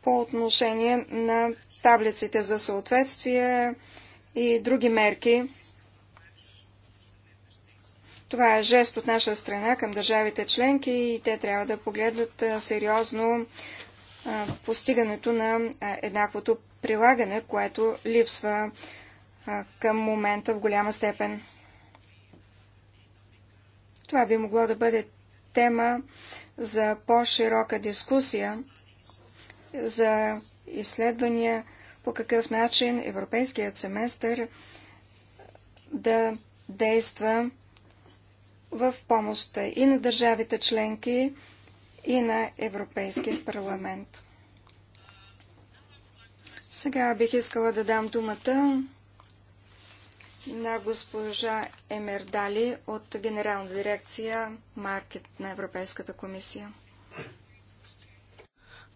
по отношение на таблиците за съответствие и други мерки. Това е жест от наша страна към държавите членки и те трябва да погледнат сериозно постигането на еднаквото прилагане, което липсва към момента в голяма степен. Това би могло да бъде тема за по-широка дискусия за изследвания по какъв начин европейският семестър да действа в помощ и на държавите членки, и на Европейския парламент. Сега бих искала да дам думата на госпожа Емердали от Генерална дирекция Маркет на Европейската комисия.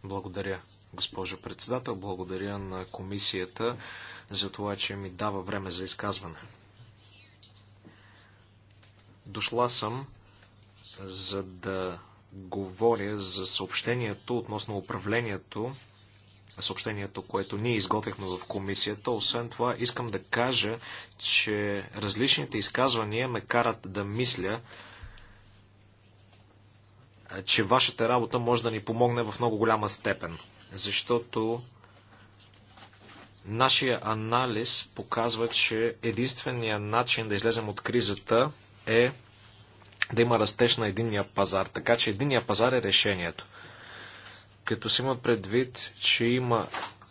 Благодаря, госпожо председател. Благодаря на комисията за това, че ми дава време за изказване. Дошла съм, за да говоря за съобщението относно управлението, съобщението, което ние изготвихме в комисията. Освен това, искам да кажа, че различните изказвания ме карат да мисля, че вашата работа може да ни помогне в много голяма степен, защото нашия анализ показва, че единствения начин да излезем от кризата е да има растеж на единния пазар. Така че единния пазар е решението. Като се има предвид, че има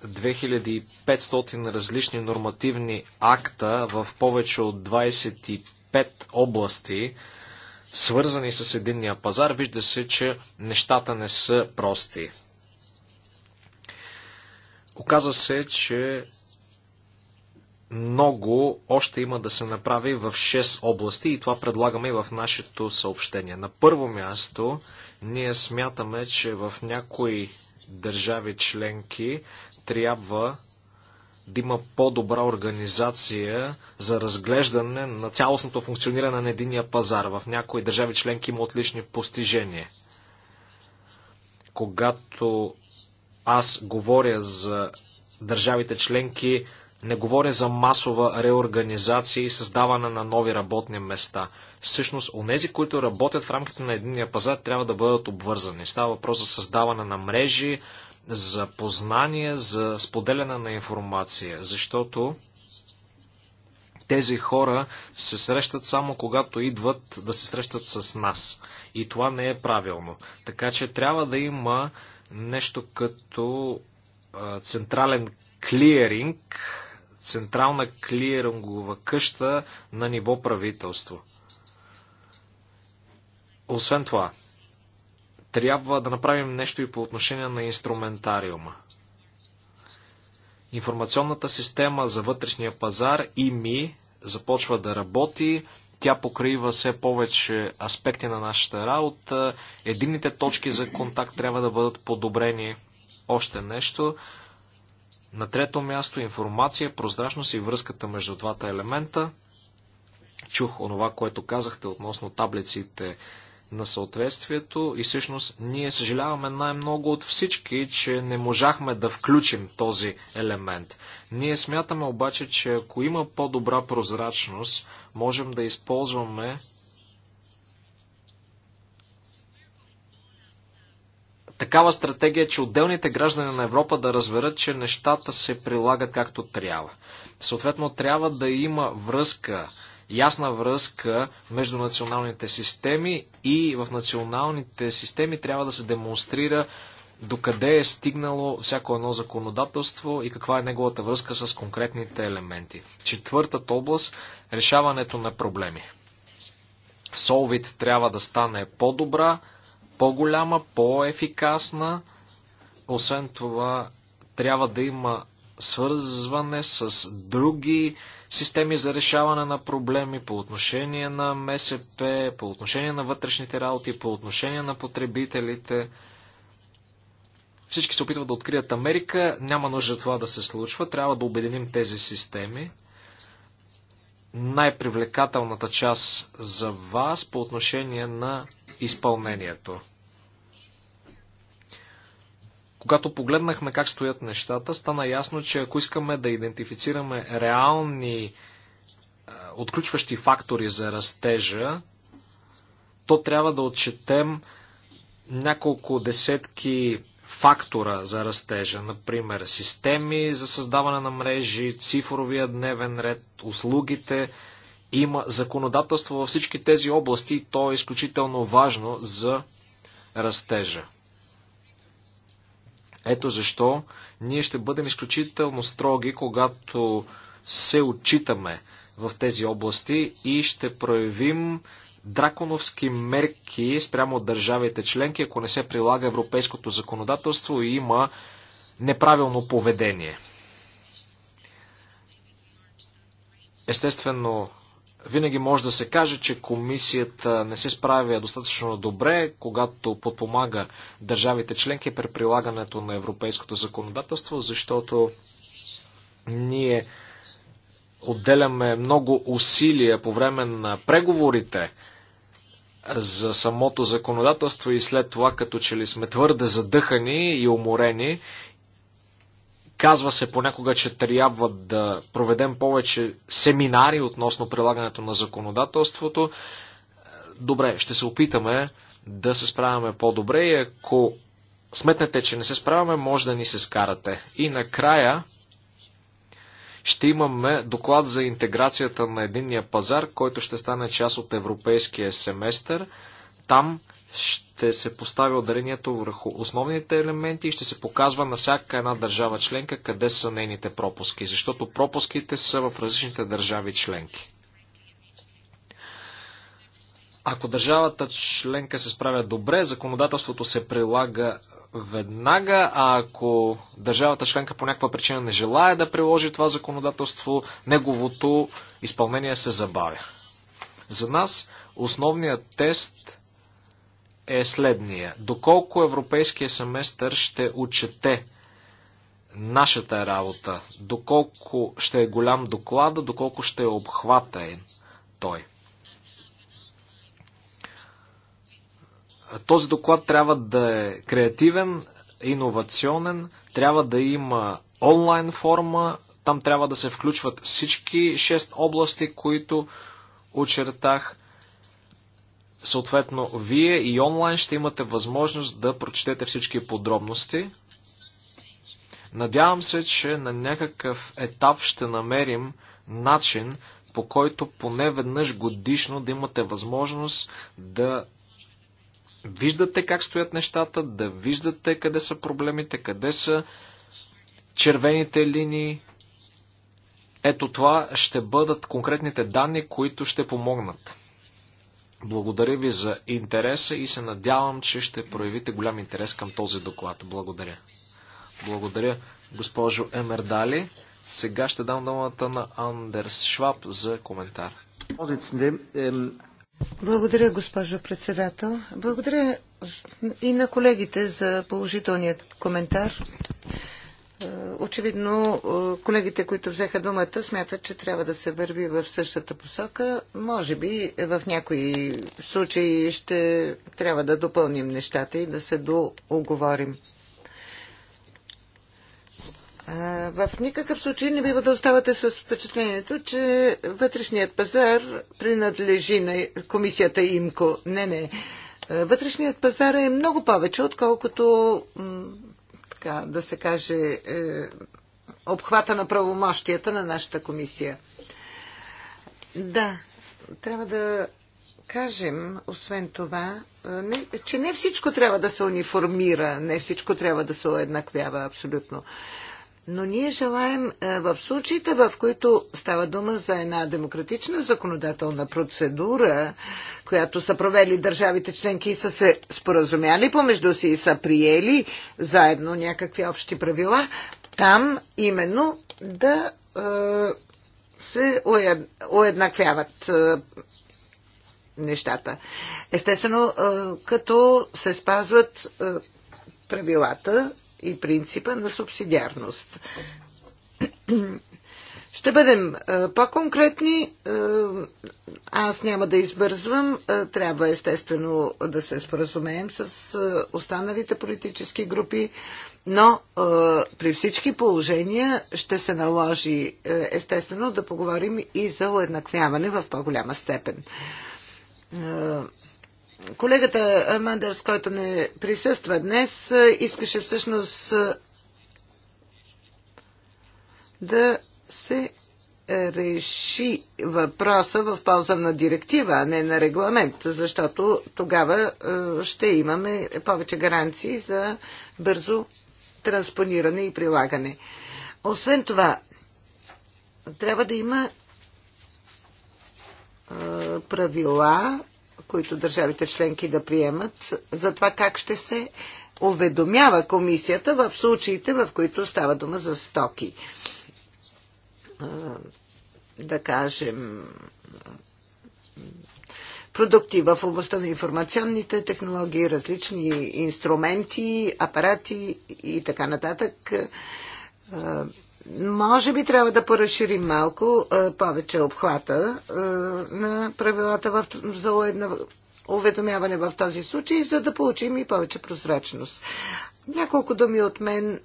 2500 различни нормативни акта в повече от 25 области, свързани с единния пазар, вижда се, че нещата не са прости. Оказва се, че много още има да се направи в 6 области и това предлагаме и в нашето съобщение. На първо място, ние смятаме, че в някои държави членки трябва да има по-добра организация за разглеждане на цялостното функциониране на единия пазар. В някои държави членки има отлични постижения. Когато аз говоря за държавите членки, не говоря за масова реорганизация и създаване на нови работни места. Всъщност, онези, които работят в рамките на единия пазар, трябва да бъдат обвързани. Става въпрос за създаване на мрежи, за познание, за споделяне на информация, защото тези хора се срещат само когато идват да се срещат с нас. И това не е правилно. Така че трябва да има нещо като централен клиеринг, централна клирингова къща на ниво правителство. Освен това, трябва да направим нещо и по отношение на инструментариума. Информационната система за вътрешния пазар и ми започва да работи. Тя покрива все повече аспекти на нашата работа. Единните точки за контакт трябва да бъдат подобрени. Още нещо. На трето място информация, прозрачност и връзката между двата елемента. Чух онова, което казахте относно таблиците на съответствието и всъщност ние съжаляваме най-много от всички, че не можахме да включим този елемент. Ние смятаме обаче, че ако има по-добра прозрачност, можем да използваме такава стратегия, че отделните граждани на Европа да разберат, че нещата се прилагат както трябва. Съответно, трябва да има връзка ясна връзка между националните системи и в националните системи трябва да се демонстрира докъде е стигнало всяко едно законодателство и каква е неговата връзка с конкретните елементи. Четвъртата област – решаването на проблеми. Солвит трябва да стане по-добра, по-голяма, по-ефикасна. Освен това, трябва да има свързване с други системи за решаване на проблеми по отношение на МСП, по отношение на вътрешните работи, по отношение на потребителите. Всички се опитват да открият Америка. Няма нужда това да се случва. Трябва да обединим тези системи. Най-привлекателната част за вас по отношение на изпълнението. Когато погледнахме как стоят нещата, стана ясно, че ако искаме да идентифицираме реални е, отключващи фактори за растежа, то трябва да отчетем няколко десетки фактора за растежа, например системи за създаване на мрежи, цифровия дневен ред, услугите. Има законодателство във всички тези области и то е изключително важно за растежа. Ето защо ние ще бъдем изключително строги, когато се отчитаме в тези области и ще проявим драконовски мерки спрямо от държавите членки, ако не се прилага европейското законодателство и има неправилно поведение. Естествено, винаги може да се каже, че комисията не се справя достатъчно добре, когато подпомага държавите членки при прилагането на европейското законодателство, защото ние отделяме много усилия по време на преговорите за самото законодателство и след това като че ли сме твърде задъхани и уморени Казва се понякога, че трябва да проведем повече семинари относно прилагането на законодателството. Добре, ще се опитаме да се справяме по-добре и ако сметнете, че не се справяме, може да ни се скарате. И накрая ще имаме доклад за интеграцията на единния пазар, който ще стане част от европейския семестър. Там ще се постави ударението върху основните елементи и ще се показва на всяка една държава членка къде са нейните пропуски, защото пропуските са в различните държави членки. Ако държавата членка се справя добре, законодателството се прилага веднага, а ако държавата членка по някаква причина не желая да приложи това законодателство, неговото изпълнение се забавя. За нас основният тест е следния. Доколко европейския семестър ще отчете нашата работа, доколко ще е голям доклада, доколко ще е обхватен той. Този доклад трябва да е креативен, иновационен, трябва да има онлайн форма, там трябва да се включват всички 6 области, които очертах – Съответно, вие и онлайн ще имате възможност да прочетете всички подробности. Надявам се, че на някакъв етап ще намерим начин, по който поне веднъж годишно да имате възможност да виждате как стоят нещата, да виждате къде са проблемите, къде са червените линии. Ето това ще бъдат конкретните данни, които ще помогнат благодаря ви за интереса и се надявам, че ще проявите голям интерес към този доклад. Благодаря. Благодаря, госпожо Емердали. Сега ще дам думата на Андерс Шваб за коментар. Благодаря, госпожо председател. Благодаря и на колегите за положителният коментар. Е, очевидно, е, колегите, които взеха думата, смятат, че трябва да се върви в същата посока. Може би в някои случаи ще трябва да допълним нещата и да се дооговорим. Е, в никакъв случай не бива да оставате с впечатлението, че вътрешният пазар принадлежи на комисията ИМКО. Не, не. Вътрешният пазар е много повече, отколкото така да се каже, е, обхвата на правомощията на нашата комисия. Да, трябва да кажем, освен това, е, не, че не всичко трябва да се униформира, не всичко трябва да се уеднаквява абсолютно. Но ние желаем е, в случаите, в които става дума за една демократична законодателна процедура, която са провели държавите членки и са се споразумяли помежду си и са приели заедно някакви общи правила, там именно да е, се уеднаквяват е, нещата. Естествено, като се спазват правилата и принципа на субсидиарност. Ще бъдем е, по-конкретни. Е, аз няма да избързвам. Е, трябва естествено да се споразумеем с останалите политически групи, но при всички положения ще се наложи естествено да поговорим и за уеднаквяване в по-голяма степен. Колегата Мандърс, който не присъства днес, искаше всъщност да се реши въпроса в полза на директива, а не на регламент, защото тогава ще имаме повече гаранции за бързо транспониране и прилагане. Освен това, трябва да има правила които държавите членки да приемат, за това как ще се уведомява комисията в случаите, в които става дума за стоки. Да кажем, продукти в областта на информационните технологии, различни инструменти, апарати и така нататък може би трябва да поразширим малко повече обхвата на правилата в, за уведомяване в този случай, за да получим и повече прозрачност. Няколко думи от мен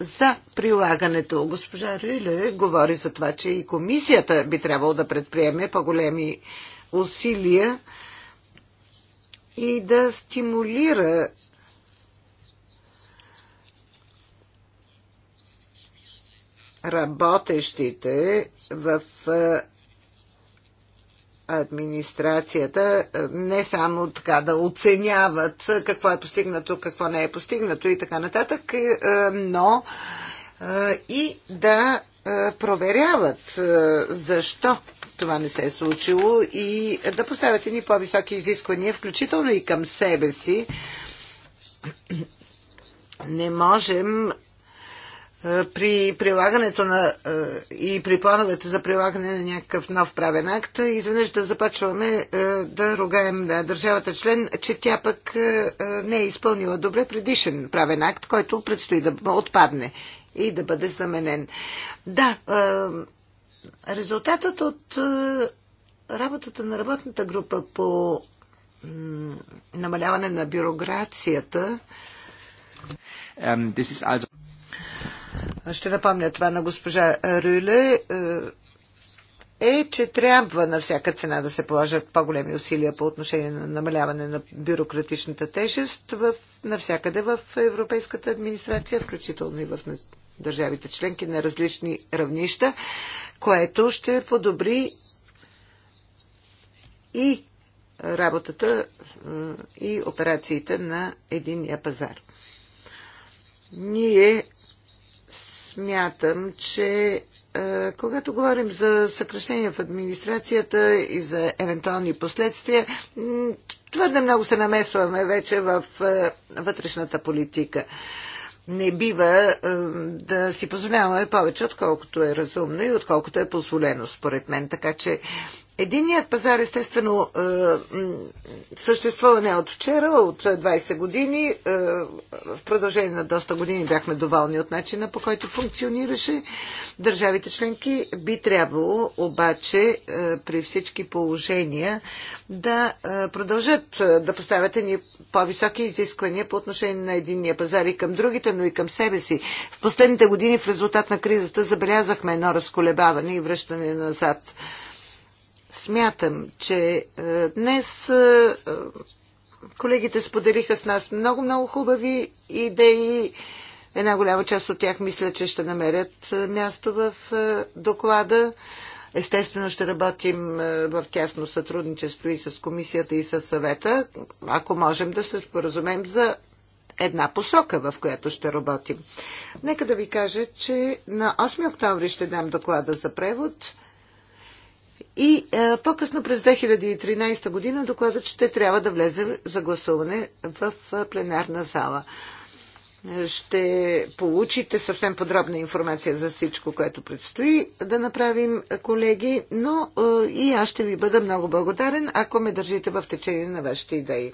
за прилагането. Госпожа Риле говори за това, че и комисията би трябвало да предприеме по-големи усилия и да стимулира работещите в е, администрацията е, не само така да оценяват е, какво е постигнато, какво не е постигнато и така нататък, но и да проверяват защо това не се е случило и да поставят ни по-високи изисквания, включително и към себе си. Не можем при прилагането на и при плановете за прилагане на някакъв нов правен акт, изведнъж да започваме да ругаем държавата член, че тя пък не е изпълнила добре предишен правен акт, който предстои да отпадне и да бъде заменен. Да, резултатът от работата на работната група по намаляване на бюрокрацията. Um, also ще напомня това на госпожа Рюле, е, е, че трябва на всяка цена да се положат по-големи усилия по отношение на намаляване на бюрократичната тежест в, навсякъде в европейската администрация, включително и в държавите членки на различни равнища, което ще подобри и работата и операциите на единния пазар. Ние смятам, че е, когато говорим за съкръщения в администрацията и за евентуални последствия, твърде много се намесваме вече в е, вътрешната политика. Не бива е, да си позволяваме повече, отколкото е разумно и отколкото е позволено, според мен. Така че Единият пазар, естествено, е, съществува не от вчера, от 20 години. Е, в продължение на доста години бяхме доволни от начина по който функционираше. Държавите членки би трябвало обаче е, при всички положения да продължат да поставят ни по-високи изисквания по отношение на единния пазар и към другите, но и към себе си. В последните години в резултат на кризата забелязахме едно разколебаване и връщане назад. Смятам, че е, днес е, е, колегите споделиха с нас много-много хубави идеи. Една голяма част от тях мисля, че ще намерят място в доклада. Естествено ще работим в тясно сътрудничество и с комисията и с съвета, ако можем да се споразумем за една посока, в която ще работим. Нека да ви кажа, че на 8 октомври ще дам доклада за превод. И е, по-късно през 2013 година докладът ще трябва да влезе за гласуване в е, пленарна зала. Ще получите съвсем подробна информация за всичко, което предстои да направим, колеги, но е, и аз ще ви бъда много благодарен, ако ме държите в течение на вашите идеи.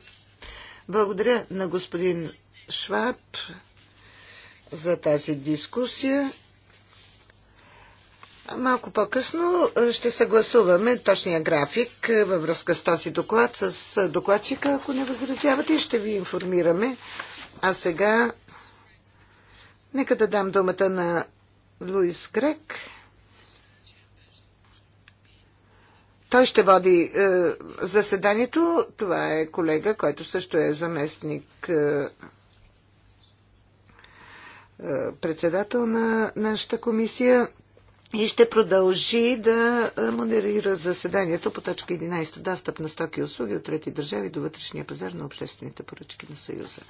Благодаря на господин Шваб за тази дискусия. Малко по-късно ще съгласуваме точния график във връзка с този доклад, с докладчика, ако не възразявате, и ще ви информираме. А сега нека да дам думата на Луис Грек. Той ще води е, заседанието. Това е колега, който също е заместник е, е, председател на нашата комисия и ще продължи да е, модерира заседанието по точка 11. Достъп на стоки и услуги от трети държави до вътрешния пазар на обществените поръчки на Съюза.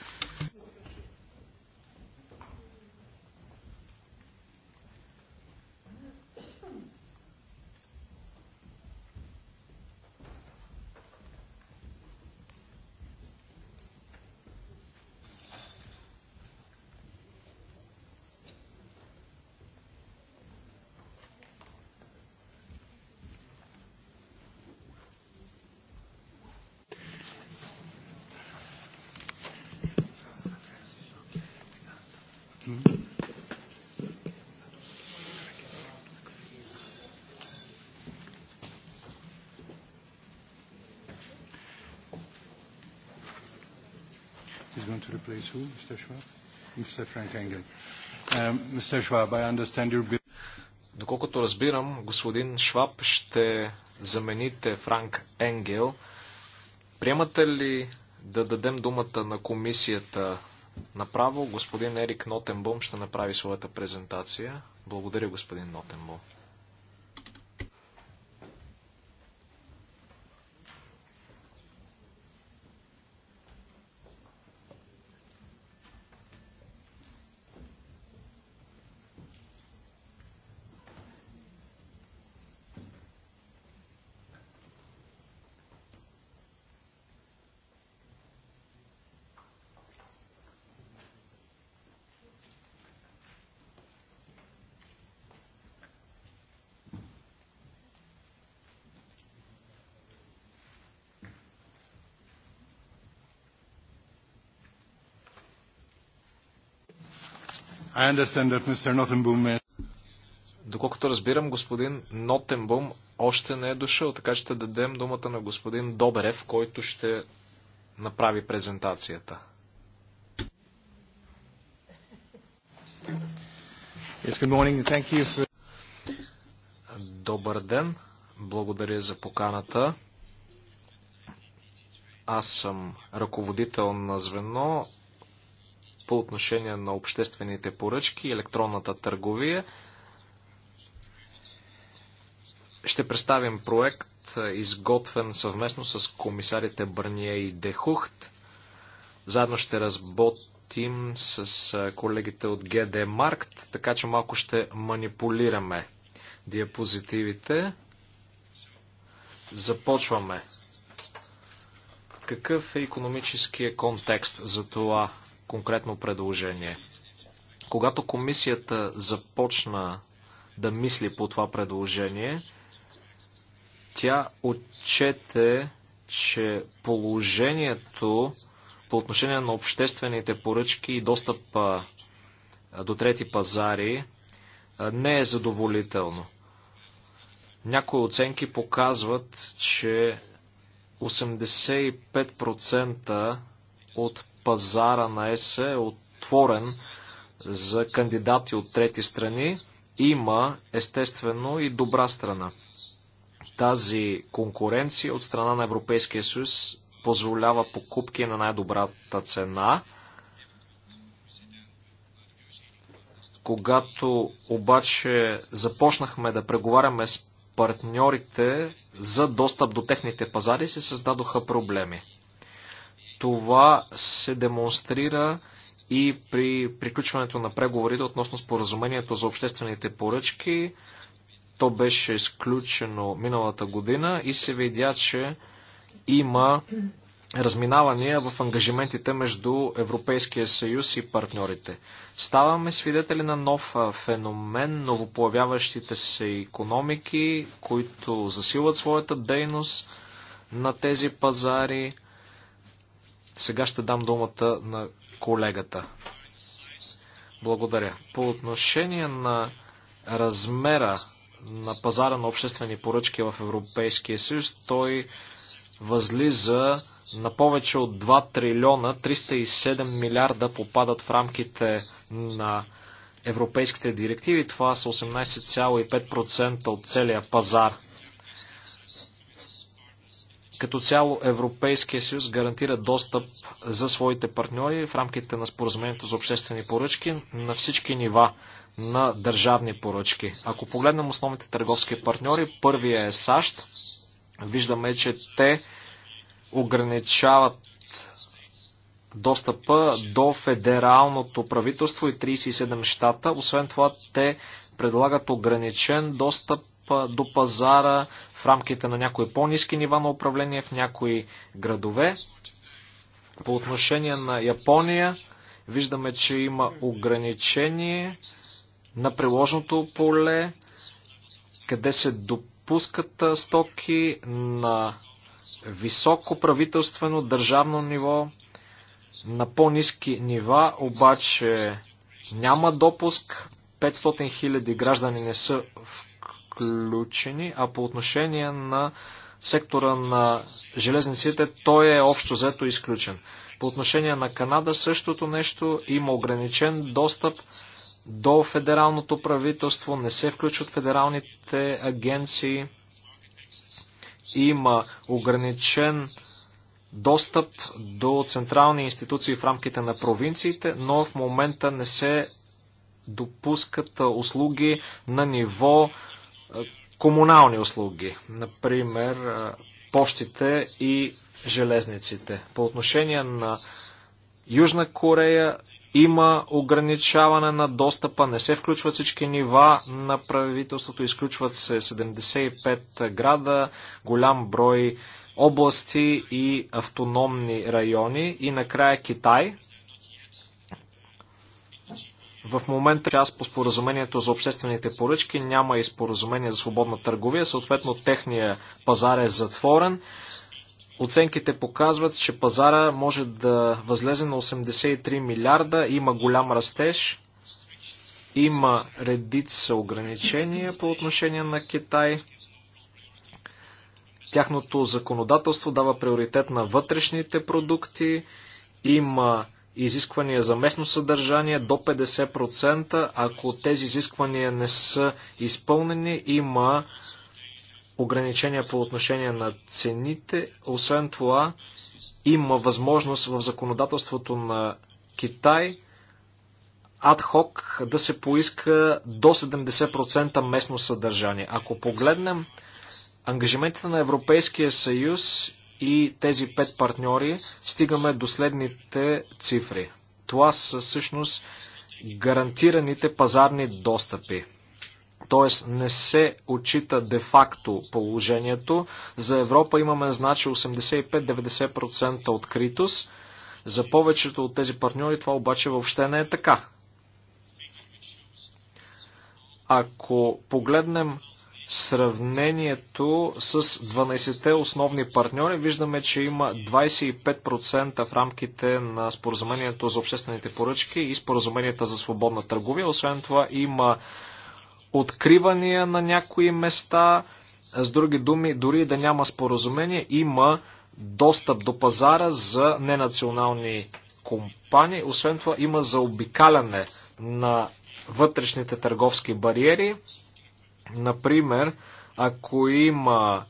place who? Mr. Schwab? Mr. Frank Engel. Um, Mr. Schwab, I understand you'll be... Доколкото разбирам, господин Шваб ще замените Франк Енгел. Приемате ли да дадем думата на комисията направо? Господин Ерик Нотенбом ще направи своята презентация. Благодаря, господин Нотенбом. Доколкото разбирам, господин Нотенбум още не е дошъл, така ще дадем думата на господин Доберев, който ще направи презентацията. Yes, Добър ден! Благодаря за поканата. Аз съм ръководител на звено по отношение на обществените поръчки, и електронната търговия. Ще представим проект, изготвен съвместно с комисарите Бърния и Дехухт. Заедно ще разботим с колегите от ГД Маркт, така че малко ще манипулираме диапозитивите. Започваме. Какъв е економическия контекст за това конкретно предложение. Когато комисията започна да мисли по това предложение, тя отчете, че положението по отношение на обществените поръчки и достъпа до трети пазари не е задоволително. Някои оценки показват, че 85% от пазара на ЕС е отворен за кандидати от трети страни, има естествено и добра страна. Тази конкуренция от страна на Европейския съюз позволява покупки на най-добрата цена. Когато обаче започнахме да преговаряме с партньорите за достъп до техните пазари, се създадоха проблеми. Това се демонстрира и при приключването на преговорите относно споразумението за обществените поръчки. То беше изключено миналата година и се видя, че има разминавания в ангажиментите между Европейския съюз и партньорите. Ставаме свидетели на нов феномен, новопоявяващите се економики, които засилват своята дейност на тези пазари – сега ще дам думата на колегата. Благодаря. По отношение на размера на пазара на обществени поръчки в Европейския съюз, той възлиза на повече от 2 трилиона, 307 милиарда попадат в рамките на европейските директиви. Това са 18,5% от целия пазар като цяло Европейския съюз гарантира достъп за своите партньори в рамките на споразумението за обществени поръчки на всички нива на държавни поръчки. Ако погледнем основните търговски партньори, първия е САЩ. Виждаме, че те ограничават достъпа до федералното правителство и 37 щата. Освен това, те предлагат ограничен достъп до пазара в рамките на някои по-низки нива на управление в някои градове. По отношение на Япония виждаме, че има ограничение на приложното поле, къде се допускат стоки на високо правителствено държавно ниво, на по-низки нива, обаче няма допуск. 500 000 граждани не са в включени, а по отношение на сектора на железниците той е общо взето изключен. По отношение на Канада същото нещо има ограничен достъп до федералното правителство, не се включват федералните агенции, има ограничен достъп до централни институции в рамките на провинциите, но в момента не се допускат услуги на ниво комунални услуги, например почтите и железниците. По отношение на Южна Корея има ограничаване на достъпа, не се включват всички нива на правителството, изключват се 75 града, голям брой области и автономни райони. И накрая Китай, в момента част по споразумението за обществените поръчки няма и споразумение за свободна търговия, съответно техния пазар е затворен. Оценките показват, че пазара може да възлезе на 83 милиарда, има голям растеж, има редица ограничения по отношение на Китай. Тяхното законодателство дава приоритет на вътрешните продукти, има изисквания за местно съдържание до 50%. Ако тези изисквания не са изпълнени, има ограничения по отношение на цените. Освен това, има възможност в законодателството на Китай адхок да се поиска до 70% местно съдържание. Ако погледнем ангажиментите на Европейския съюз и тези пет партньори стигаме до следните цифри. Това са всъщност гарантираните пазарни достъпи. Тоест не се отчита де-факто положението. За Европа имаме значи 85-90% откритост. За повечето от тези партньори това обаче въобще не е така. Ако погледнем сравнението с 12-те основни партньори виждаме, че има 25% в рамките на споразумението за обществените поръчки и споразуменията за свободна търговия. Освен това има откривания на някои места. С други думи, дори да няма споразумение, има достъп до пазара за ненационални компании. Освен това има заобикаляне на вътрешните търговски бариери. Например, ако има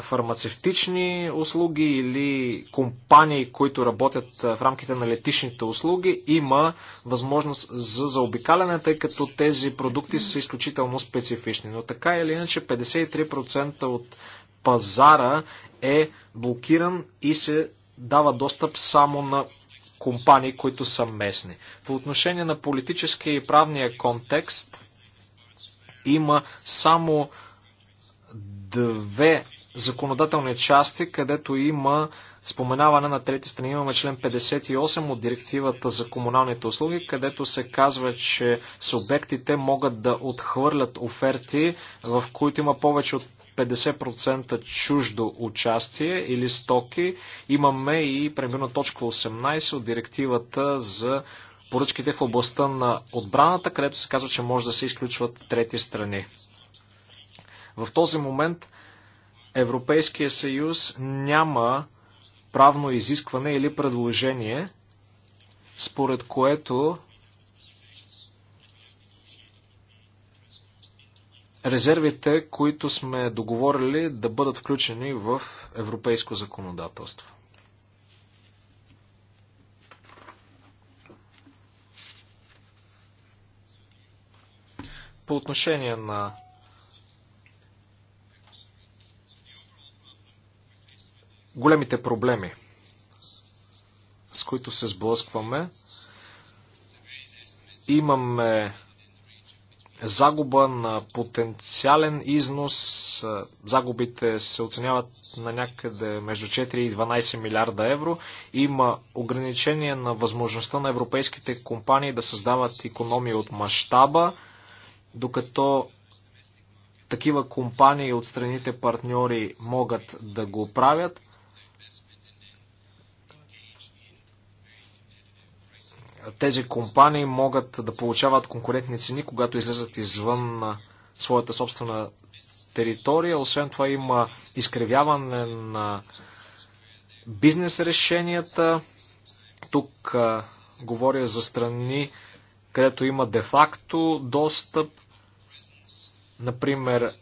фармацевтични услуги или компании, които работят в рамките на летишните услуги, има възможност за заобикаляне, тъй като тези продукти са изключително специфични. Но така или иначе 53% от пазара е блокиран и се дава достъп само на компании, които са местни. По отношение на политическия и правния контекст има само две законодателни части, където има споменаване на трети страни. Имаме член 58 от директивата за комуналните услуги, където се казва, че субектите могат да отхвърлят оферти, в които има повече от 50% чуждо участие или стоки. Имаме и примерно точка 18 от директивата за поръчките в областта на отбраната, където се казва, че може да се изключват трети страни. В този момент Европейския съюз няма правно изискване или предложение, според което резервите, които сме договорили да бъдат включени в европейско законодателство. По отношение на големите проблеми, с които се сблъскваме, имаме загуба на потенциален износ. Е, загубите се оценяват на някъде между 4 и 12 милиарда евро. Има ограничение на възможността на европейските компании да създават економии от мащаба, докато такива компании от страните партньори могат да го правят. тези компании могат да получават конкурентни цени, когато излезат извън своята собствена територия. Освен това има изкривяване на бизнес решенията. Тук а, говоря за страни, където има де-факто достъп. Например,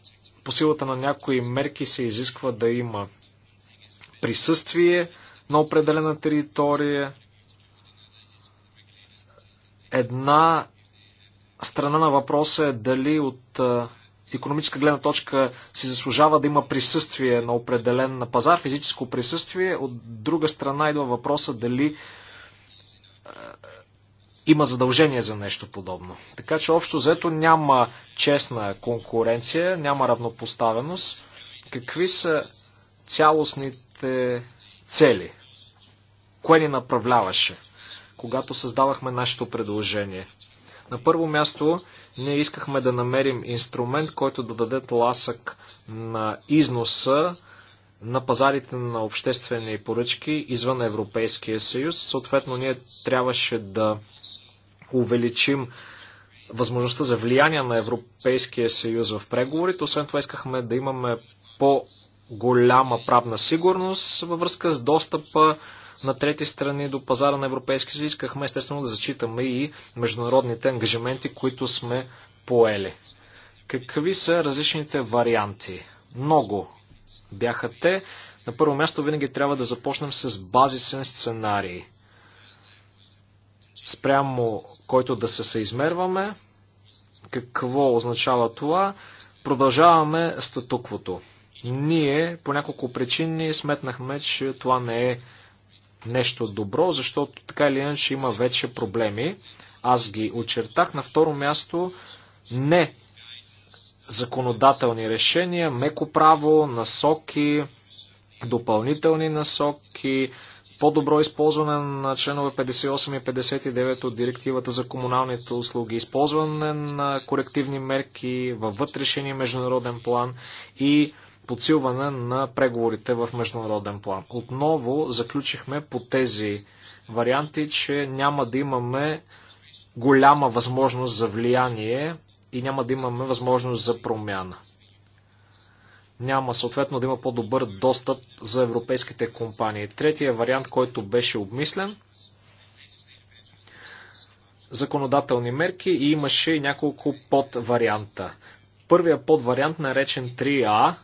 по силата на някои мерки се изисква да има присъствие на определена територия. Една страна на въпроса е дали от економическа гледна точка си заслужава да има присъствие на определен на пазар, физическо присъствие. От друга страна идва въпроса дали има задължение за нещо подобно. Така че общо взето няма честна конкуренция, няма равнопоставеност. Какви са цялостните цели? Кое ни направляваше? когато създавахме нашето предложение. На първо място, ние искахме да намерим инструмент, който да даде ласък на износа на пазарите на обществени поръчки извън Европейския съюз. Съответно, ние трябваше да увеличим възможността за влияние на Европейския съюз в преговорите. Освен това, искахме да имаме по-голяма правна сигурност във връзка с достъпа на трети страни до пазара на Европейския съюз. Искахме естествено да зачитаме и международните ангажименти, които сме поели. Какви са различните варианти? Много бяха те. На първо място винаги трябва да започнем с базисен сценарий, спрямо който да се съизмерваме. Какво означава това? Продължаваме статуквото. Ние по няколко причини сметнахме, че това не е нещо добро, защото така или иначе има вече проблеми. Аз ги очертах. На второ място не законодателни решения, меко право, насоки, допълнителни насоки, по-добро използване на членове 58 и 59 от директивата за комуналните услуги, използване на корективни мерки във вътрешен и международен план и подсилване на преговорите в международен план. Отново заключихме по тези варианти, че няма да имаме голяма възможност за влияние и няма да имаме възможност за промяна. Няма съответно да има по-добър достъп за европейските компании. Третия вариант, който беше обмислен, законодателни мерки и имаше няколко подварианта. Първия подвариант, наречен 3А,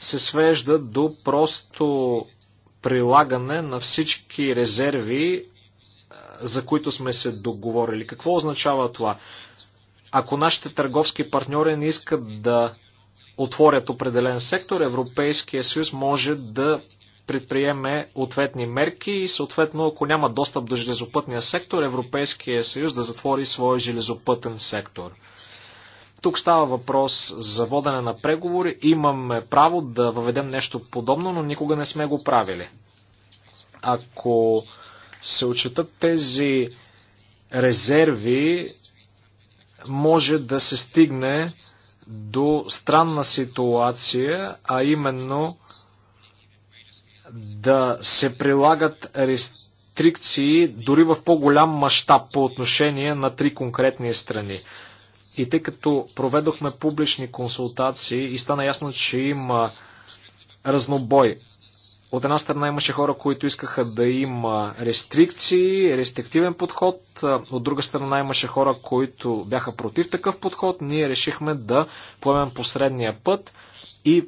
се свежда до просто прилагане на всички резерви, е, за които сме се договорили. Какво означава това? Ако нашите търговски партньори не искат да отворят определен сектор, Европейския съюз може да предприеме ответни мерки и съответно, ако няма достъп до железопътния сектор, Европейския съюз да затвори своя железопътен сектор. Тук става въпрос за водене на преговори. Имаме право да въведем нещо подобно, но никога не сме го правили. Ако се отчитат тези резерви, може да се стигне до странна ситуация, а именно да се прилагат рестрикции дори в по-голям мащаб по отношение на три конкретни страни. И тъй като проведохме публични консултации и стана ясно, че има разнобой. От една страна имаше хора, които искаха да има рестрикции, рестриктивен подход. От друга страна имаше хора, които бяха против такъв подход. Ние решихме да поемем посредния път и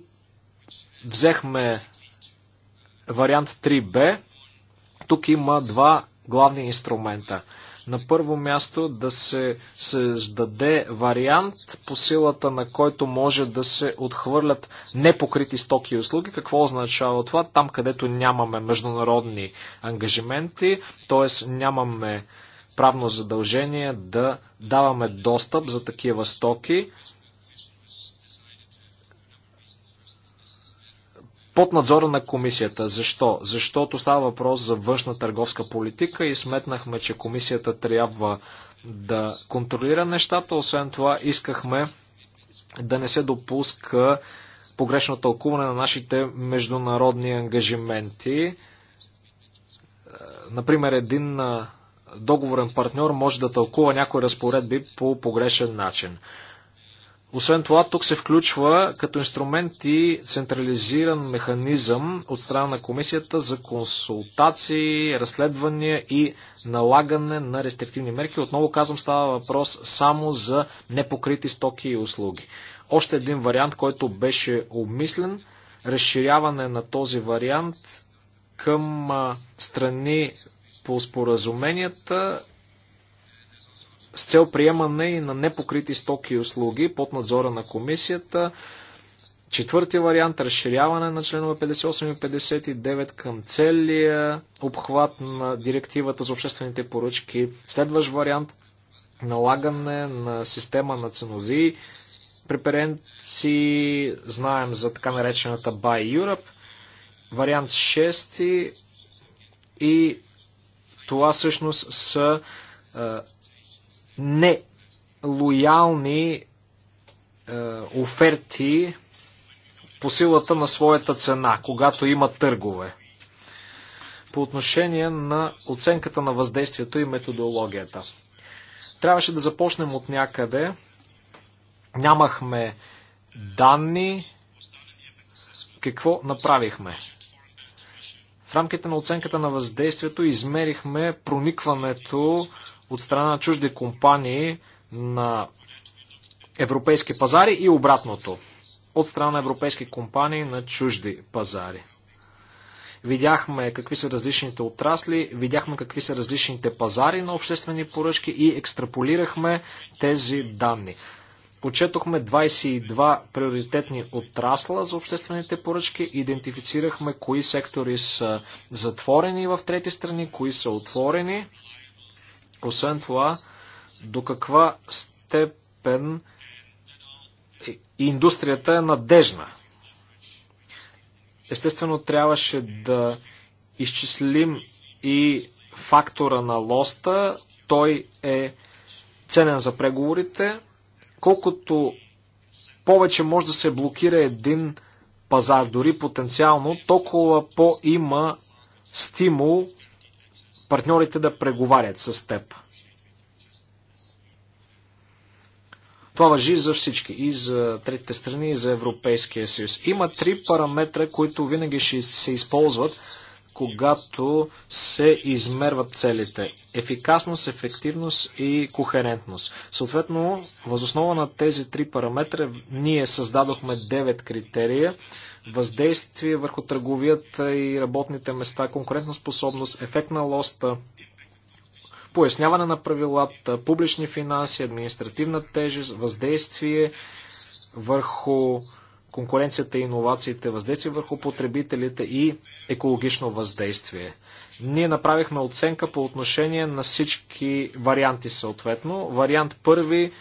взехме вариант 3b. Тук има два главни инструмента. На първо място да се създаде вариант по силата на който може да се отхвърлят непокрити стоки и услуги. Какво означава това? Там, където нямаме международни ангажименти, т.е. нямаме правно задължение да даваме достъп за такива стоки, под надзора на комисията. Защо? Защото става въпрос за външна търговска политика и сметнахме, че комисията трябва да контролира нещата. Освен това, искахме да не се допуска погрешно тълкуване на нашите международни ангажименти. Е, например, един е, договорен партньор може да тълкува някои разпоредби по погрешен начин. Освен това, тук се включва като инструмент и централизиран механизъм от страна на комисията за консултации, разследвания и налагане на рестриктивни мерки. Отново казвам, става въпрос само за непокрити стоки и услуги. Още един вариант, който беше обмислен, разширяване на този вариант към страни по споразуменията с цел приемане и на непокрити стоки и услуги под надзора на комисията. Четвърти вариант – разширяване на членове 58 и 59 към целия обхват на директивата за обществените поръчки. Следващ вариант – налагане на система на ценови преференции. Знаем за така наречената Buy Europe. Вариант 6 и това всъщност са е, нелоялни е, оферти по силата на своята цена, когато има търгове. По отношение на оценката на въздействието и методологията. Трябваше да започнем от някъде. Нямахме данни. Какво направихме? В рамките на оценката на въздействието измерихме проникването от страна на чужди компании на европейски пазари и обратното от страна на европейски компании на чужди пазари. Видяхме какви са различните отрасли, видяхме какви са различните пазари на обществени поръчки и екстраполирахме тези данни. Отчетохме 22 приоритетни отрасла за обществените поръчки, идентифицирахме кои сектори са затворени в трети страни, кои са отворени освен това, до каква степен индустрията е надежна? Естествено, трябваше да изчислим и фактора на лоста. Той е ценен за преговорите. Колкото повече може да се блокира един пазар, дори потенциално, толкова по-има стимул партньорите да преговарят с теб. Това въжи за всички, и за третите страни, и за Европейския съюз. Има три параметра, които винаги ще се използват, когато се измерват целите. Ефикасност, ефективност и кохерентност. Съответно, възоснова на тези три параметра ние създадохме 9 критерия. Въздействие върху търговията и работните места, конкурентоспособност, ефект на лоста, поясняване на правилата, публични финанси, административна тежест, въздействие върху конкуренцията и иновациите, въздействие върху потребителите и екологично въздействие. Ние направихме оценка по отношение на всички варианти съответно. Вариант първи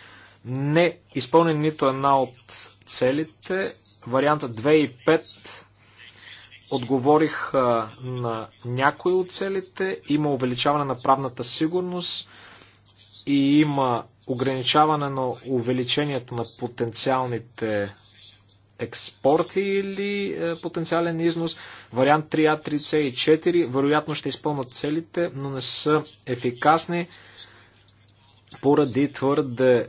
не изпълни нито една от целите. Вариант 2 и 5 отговорих на някои от целите. Има увеличаване на правната сигурност и има ограничаване на увеличението на потенциалните Експорти или е, потенциален износ. Вариант 3А, 3C и 4 вероятно ще изпълнат целите, но не са ефикасни поради твърде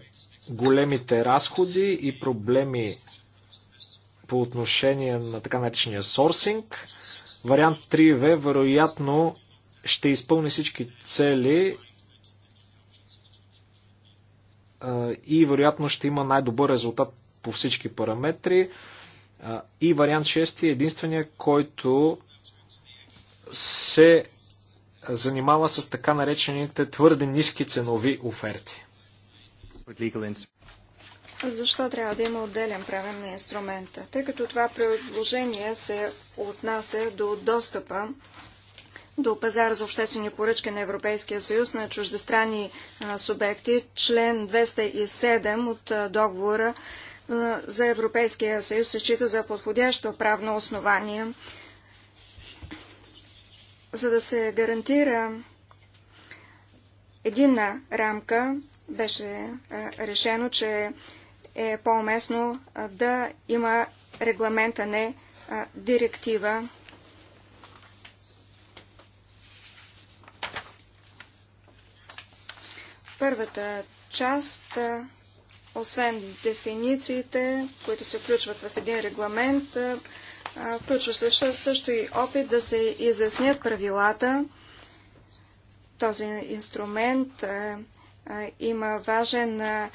големите разходи и проблеми по отношение на така наречения сорсинг. Вариант 3В вероятно ще изпълни всички цели е, и вероятно ще има най-добър резултат по всички параметри. И вариант 6 е единствения, който се занимава с така наречените твърде ниски ценови оферти. Защо трябва да има отделен правен на инструмента? Тъй като това предложение се отнася до достъпа до пазара за обществени поръчки на Европейския съюз на чуждестранни субекти, член 207 от договора за Европейския съюз се счита за подходящо правно основание, за да се гарантира единна рамка, беше решено, че е по-уместно да има регламента, не директива. Първата част освен дефинициите, които се включват в един регламент, включва също, също и опит да се изяснят правилата. Този инструмент а, а, има важен а,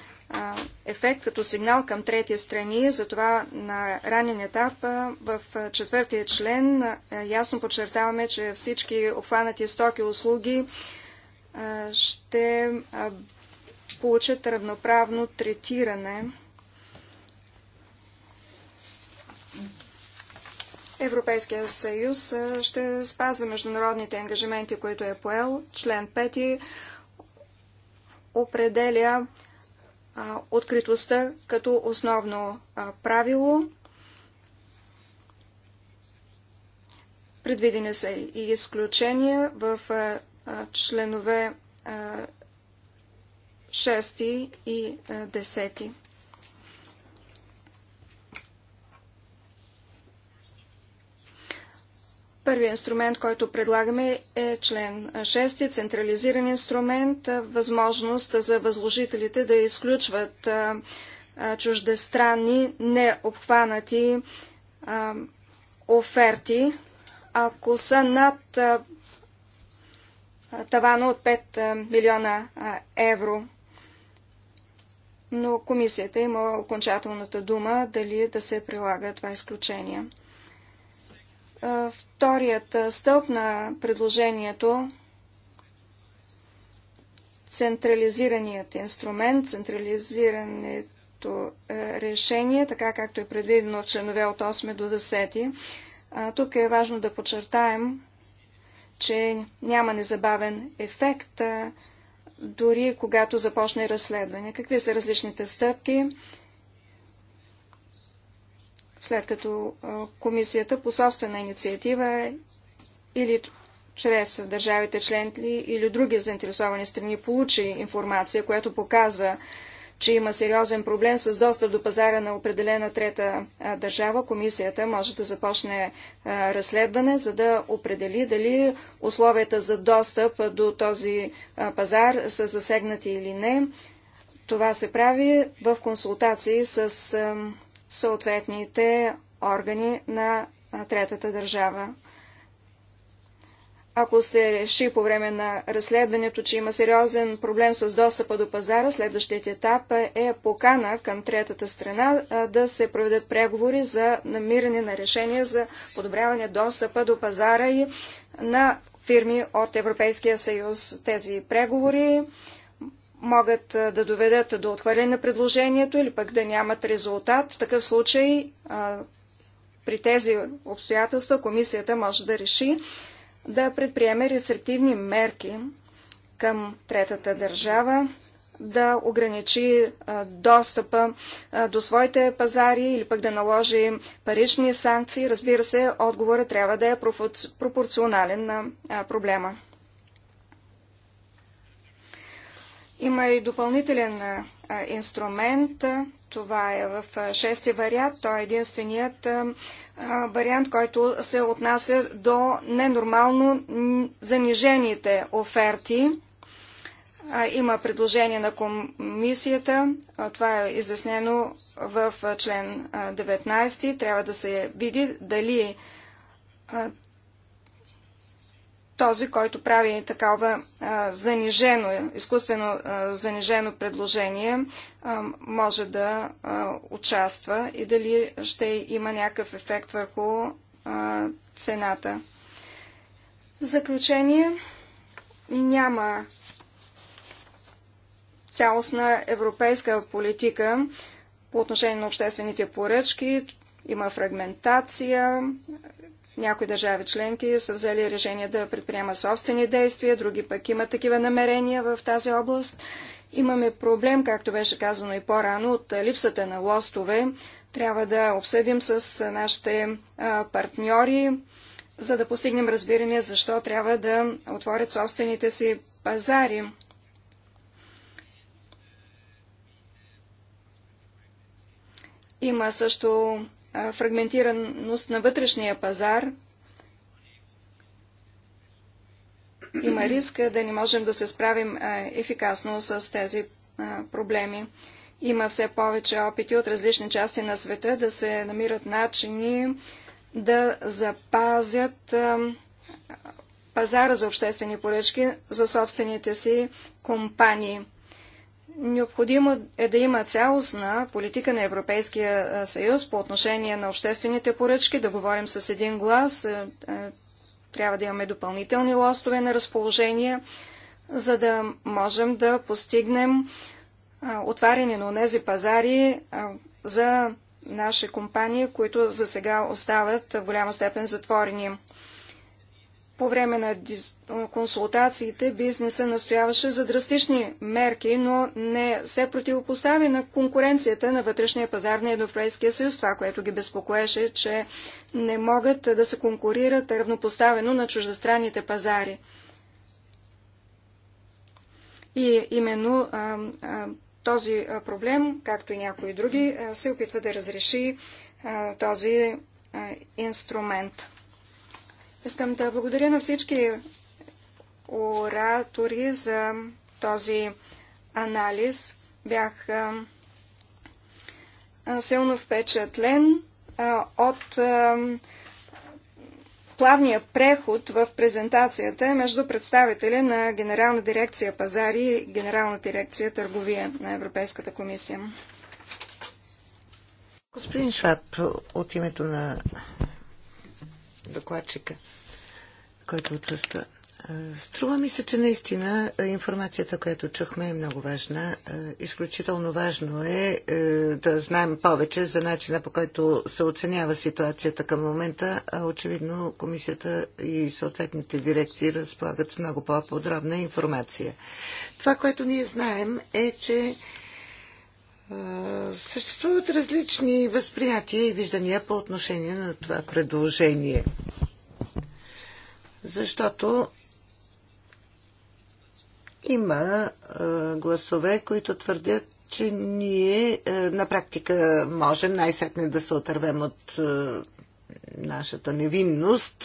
ефект като сигнал към трети страни, затова на ранен етап в четвъртия член ясно подчертаваме, че всички обхванати стоки услуги ще получат равноправно третиране. Европейския съюз ще спазва международните ангажименти, които е поел. Член 5 определя откритостта като основно правило. Предвидени са и изключения в членове 6 и 10. Е, Първият инструмент, който предлагаме е член 6, централизиран инструмент, е, възможност за възложителите да изключват е, чуждестранни, необхванати оферти, ако са над тавана от 5 милиона евро но комисията има окончателната дума дали да се прилага това изключение. Вторият стълб на предложението централизираният инструмент, централизирането е, решение, така както е предвидено в членове от 8 до 10. Тук е важно да подчертаем, че няма незабавен ефект, дори когато започне разследване. Какви са различните стъпки, след като комисията по собствена инициатива или чрез държавите членки или други заинтересовани страни получи информация, която показва, че има сериозен проблем с достъп до пазара на определена трета държава, комисията може да започне разследване, за да определи дали условията за достъп до този пазар са засегнати или не. Това се прави в консултации с съответните органи на третата държава ако се реши по време на разследването, че има сериозен проблем с достъпа до пазара, следващият етап е покана към третата страна да се проведат преговори за намиране на решение за подобряване достъпа до пазара и на фирми от Европейския съюз. Тези преговори могат да доведат до отхвърляне на предложението или пък да нямат резултат. В такъв случай при тези обстоятелства комисията може да реши да предприеме рестриктивни мерки към третата държава, да ограничи достъпа до своите пазари или пък да наложи парични санкции. Разбира се, отговорът трябва да е пропорционален на проблема. Има и допълнителен инструмент. Това е в шести вариант. Той е единственият вариант, който се отнася до ненормално занижените оферти. Има предложение на комисията. Това е изяснено в член 19. Трябва да се види дали този, който прави такава а, занижено, изкуствено а, занижено предложение, а, може да а, участва и дали ще има някакъв ефект върху а, цената. В заключение, няма цялостна европейска политика по отношение на обществените поръчки. Има фрагментация, някои държави членки са взели решение да предприемат собствени действия, други пък имат такива намерения в тази област. Имаме проблем, както беше казано и по-рано, от липсата на лостове. Трябва да обсъдим с нашите партньори, за да постигнем разбиране защо трябва да отворят собствените си пазари. Има също фрагментираност на вътрешния пазар. Има риск да не можем да се справим ефикасно с тези проблеми. Има все повече опити от различни части на света да се намират начини да запазят пазара за обществени поръчки за собствените си компании. Необходимо е да има цялостна политика на Европейския съюз по отношение на обществените поръчки, да говорим с един глас, трябва да имаме допълнителни лостове на разположение, за да можем да постигнем отваряне на тези пазари за наши компании, които за сега остават в голяма степен затворени. По време на консултациите бизнеса настояваше за драстични мерки, но не се противопостави на конкуренцията на вътрешния пазар на Европейския съюз. Това, което ги безпокоеше, че не могат да се конкурират равнопоставено на чуждестранните пазари. И именно а, а, този проблем, както и някои други, се опитва да разреши а, този инструмент. Искам да благодаря на всички оратори за този анализ. Бях силно впечатлен от плавния преход в презентацията между представители на Генерална дирекция пазари и Генерална дирекция търговия на Европейската комисия. Господин Шваб, от името на докладчика който отсъства. Струва ми се, че наистина информацията, която чухме е много важна. Изключително важно е, е да знаем повече за начина по който се оценява ситуацията към момента. А очевидно комисията и съответните дирекции разполагат с много по-подробна информация. Това, което ние знаем е, че съществуват различни възприятия и виждания по отношение на това предложение защото има гласове, които твърдят, че ние на практика можем най-сетне да се отървем от нашата невинност,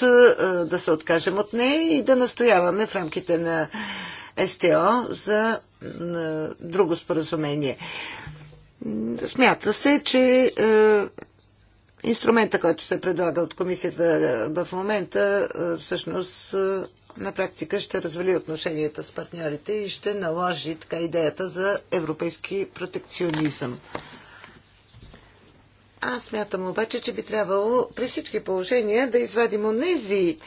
да се откажем от нея и да настояваме в рамките на СТО за друго споразумение. Смята се, че инструмента, който се предлага от комисията е, в момента, е, всъщност е, на практика ще развали отношенията с партньорите и ще наложи така идеята за европейски протекционизъм. Аз смятам обаче, че би трябвало при всички положения да извадим онези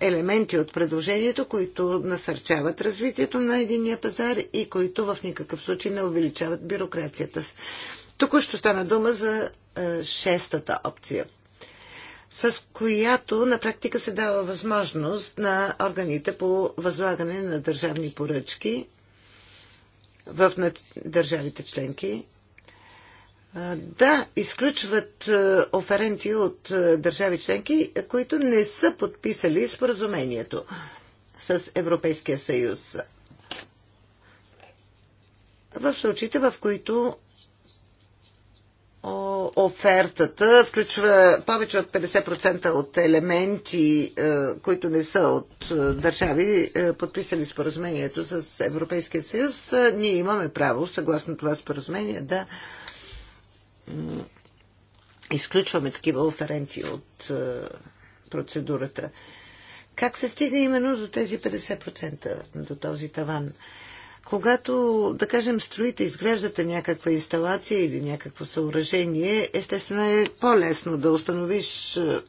елементи от предложението, които насърчават развитието на единия пазар и които в никакъв случай не увеличават бюрокрацията. Току-що стана дума за е, шестата опция с която на практика се дава възможност на органите по възлагане на държавни поръчки в държавите членки е, да изключват е, оференти от държави членки, които не са подписали споразумението с Европейския съюз. В случаите, в които офертата включва повече от 50% от елементи, е, които не са от е, държави, е, подписали споразумението с Европейския съюз. Ние имаме право, съгласно това споразумение, да изключваме такива оференти от процедурата. Как се стига именно до тези 50%, до този таван? Когато, да кажем, строите, изграждате някаква инсталация или някакво съоръжение, естествено е по-лесно да установиш е,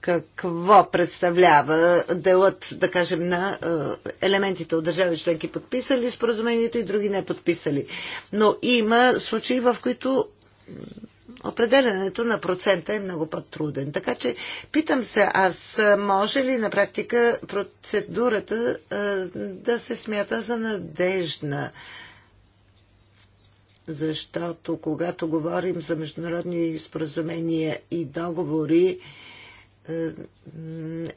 какво представлява делът, да кажем, на е, елементите от държави членки подписали споразумението и други не подписали. Но има случаи, в които определенето на процента е много по-труден. Така че питам се аз, може ли на практика процедурата е, да се смята за надежна? Защото когато говорим за международни споразумения и договори, е,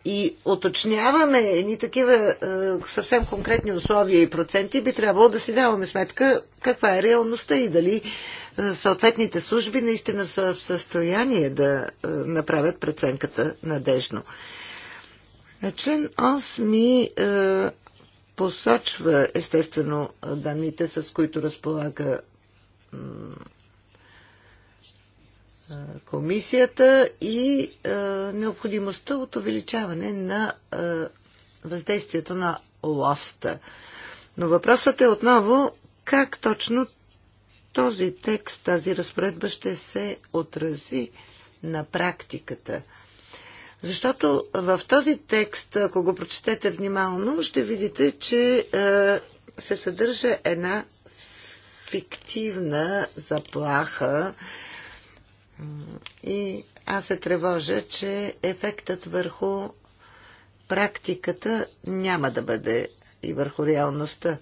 и оточняваме едни такива е, съвсем конкретни условия и проценти, би трябвало да си даваме сметка каква е реалността и дали е, съответните служби наистина са в състояние да направят преценката надежно. Член 8 посочва естествено данните, с които разполага комисията и необходимостта от увеличаване на въздействието на лоста. Но въпросът е отново как точно този текст, тази разпоредба ще се отрази на практиката. Защото в този текст, ако го прочетете внимално, ще видите, че се съдържа една фиктивна заплаха, и аз се тревожа, че ефектът върху практиката няма да бъде и върху реалността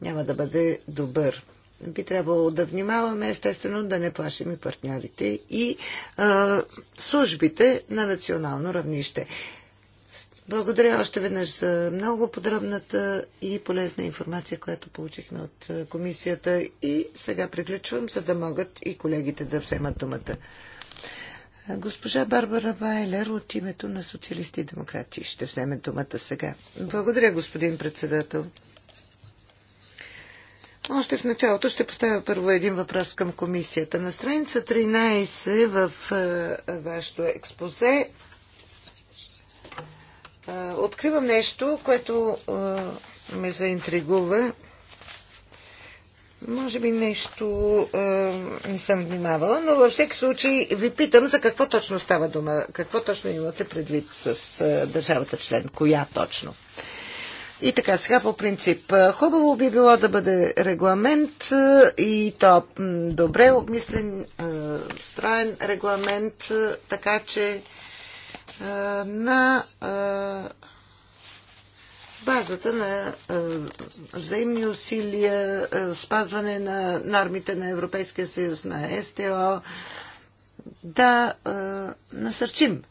няма да бъде добър. Би трябвало да внимаваме, естествено, да не плашим и партньорите и а, службите на национално равнище. Благодаря още веднъж за много подробната и полезна информация, която получихме от комисията. И сега приключвам, за да могат и колегите да вземат думата. Госпожа Барбара Вайлер от името на социалисти и демократи ще вземе думата сега. Благодаря, господин председател. Още в началото ще поставя първо един въпрос към комисията. На страница 13 в вашето експозе откривам нещо, което ме заинтригува. Може би нещо не съм внимавала, но във всеки случай ви питам за какво точно става дума. Какво точно имате предвид с държавата член? Коя точно? И така, сега по принцип. Хубаво би било да бъде регламент и то добре обмислен, строен регламент, така че на базата на взаимни усилия, спазване на нормите на Европейския съюз, на СТО, да насърчим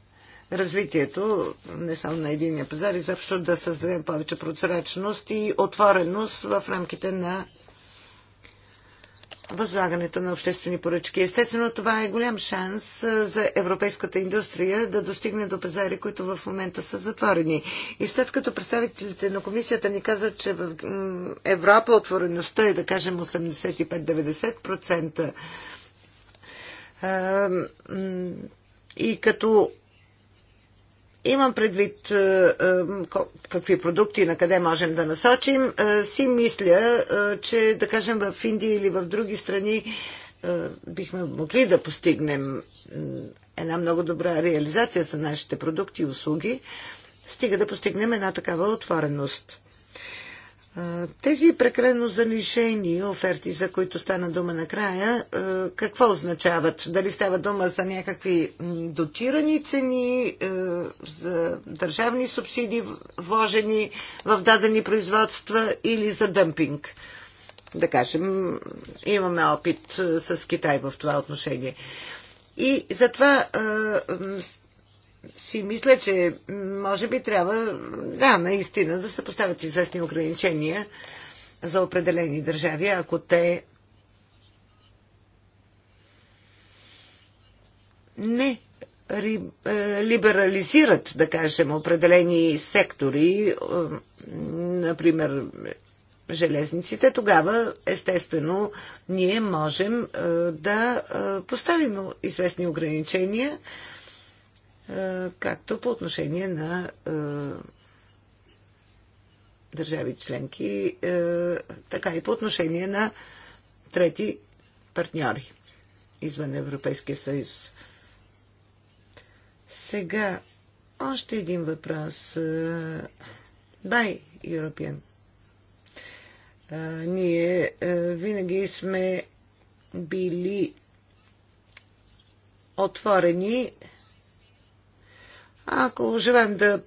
развитието не само на единия пазар, изобщо да създадем повече прозрачност и отвореност в рамките на възлагането на обществени поръчки. Естествено, това е голям шанс за европейската индустрия да достигне до пазари, които в момента са затворени. И след като представителите на комисията ни казват, че в Европа отвореността е, да кажем, 85-90%, и като Имам предвид е, е, какви продукти на къде можем да насочим. Е, си мисля, че да кажем в Индия или в други страни бихме могли да постигнем една много добра реализация за нашите продукти и услуги, стига да постигнем една такава отвореност. Тези прекалено занишени оферти, за които стана дума накрая, какво означават? Дали става дума за някакви дотирани цени, за държавни субсидии, вложени в дадени производства или за дъмпинг? Да кажем, имаме опит с Китай в това отношение. И затова си мисля, че може би трябва, да, наистина да се поставят известни ограничения за определени държави, ако те не е, либерализират, да кажем, определени сектори, е, например железниците, тогава естествено ние можем е, да поставим известни ограничения е, както по отношение на е, държави членки, е, така и по отношение на трети партньори извън Европейския съюз. Сега още един въпрос. Бай, European. Ние винаги сме били отворени ако желаем да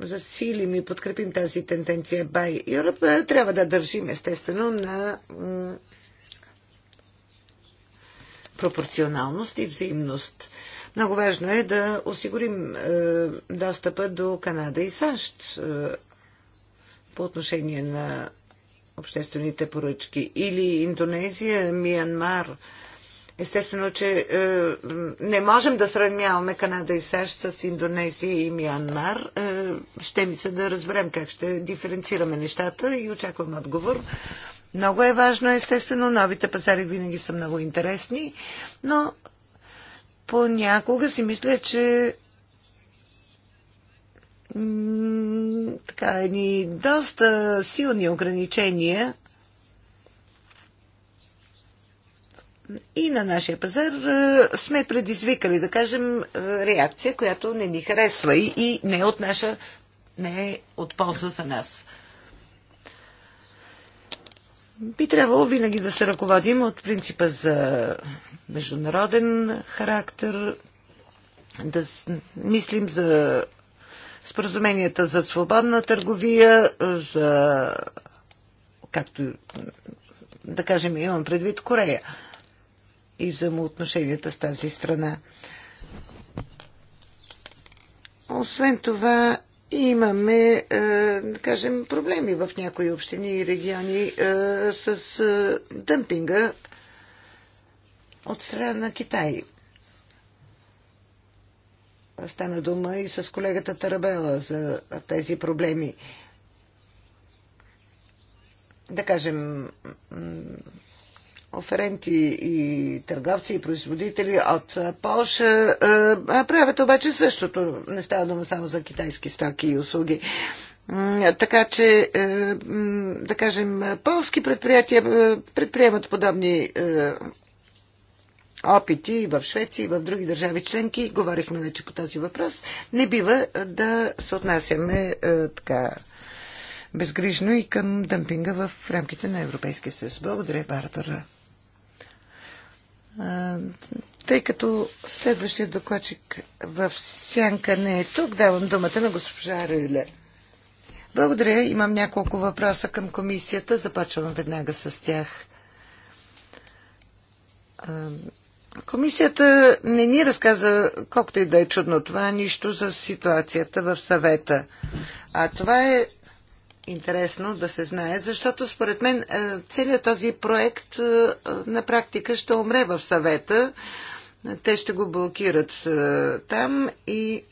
засилим и подкрепим тази тенденция by Europe, е, трябва да държим естествено на пропорционалност и взаимност. Много важно е да осигурим е, достъпа до Канада и САЩ е, по отношение на обществените поръчки. Или Индонезия, Миянмар, Естествено, че е, не можем да сравняваме Канада и САЩ с Индонезия и Мианмар. Е, ще ми се да разберем как ще диференцираме нещата и очаквам отговор. Много е важно, естествено, новите пазари винаги са много интересни, но понякога си мисля, че така, едни доста силни ограничения и на нашия пазар е, сме предизвикали, да кажем, е, реакция, която не ни харесва и, и не е от наша, не е от полза за нас. Би трябвало винаги да се ръководим от принципа за международен характер, да мислим за споразуменията за свободна търговия, за както да кажем, имам предвид Корея и взаимоотношенията с тази страна. Освен това, имаме, е, да кажем, проблеми в някои общини и региони е, с е, дъмпинга от страна на Китай. Стана дума и с колегата Тарабела за тези проблеми. Да кажем, оференти и търговци и производители от Польша правят обаче същото. Не става дума само за китайски стоки и услуги. Така че, е, да кажем, полски предприятия е, предприемат подобни е, опити и в Швеция, и в други държави членки. Говорихме вече по този въпрос. Не бива да се отнасяме така безгрижно и към дъмпинга в рамките на Европейския съюз. Благодаря, Барбара. Тъй като следващия докладчик в сянка не е тук, давам думата на госпожа Рюле. Благодаря. Имам няколко въпроса към комисията. Започвам веднага с тях. Комисията не ни разказа, колкото и да е чудно това, нищо за ситуацията в съвета. А това е интересно да се знае, защото според мен е, целият този проект е, на практика ще умре в съвета. Те ще го блокират е, там и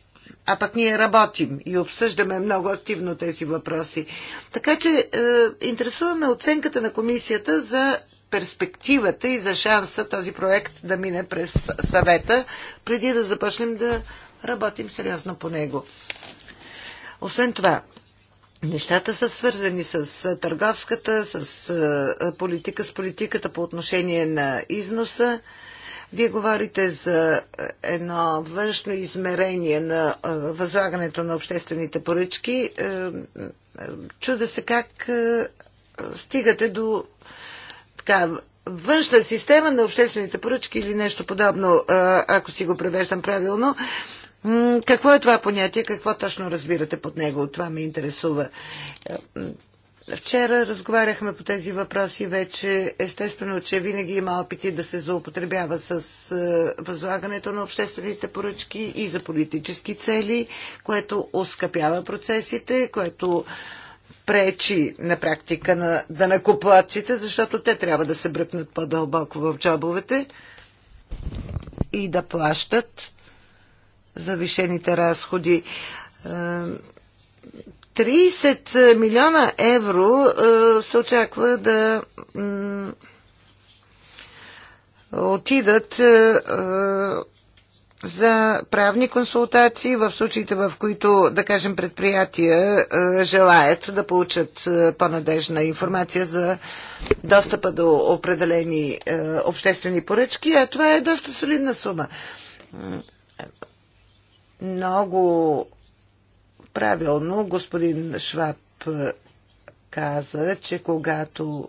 а пък ние работим и обсъждаме много активно тези въпроси. Така че е, интересуваме оценката на комисията за перспективата и за шанса този проект да мине през съвета, преди да започнем да работим сериозно по него. Освен това, Нещата са свързани с търговската, с политика, с политиката по отношение на износа. Вие говорите за едно външно измерение на възлагането на обществените поръчки. Е, чуда се как стигате до така, външна система на обществените поръчки или нещо подобно, ако си го превеждам правилно. Какво е това понятие? Какво точно разбирате под него? Това ме интересува. Е, вчера разговаряхме по тези въпроси вече. Естествено, че винаги има опити да се злоупотребява с е, възлагането на обществените поръчки и за политически цели, което оскъпява процесите, което пречи на практика на данакоплаците, защото те трябва да се бръкнат по-дълбоко в джобовете и да плащат завишените разходи. 30 е, милиона евро е, се очаква да отидат е, за правни консултации в случаите, в които, да кажем, предприятия желаят да получат по-надежна информация за достъпа до определени обществени поръчки, а това е доста солидна сума. Много правилно господин Шваб е, каза, че когато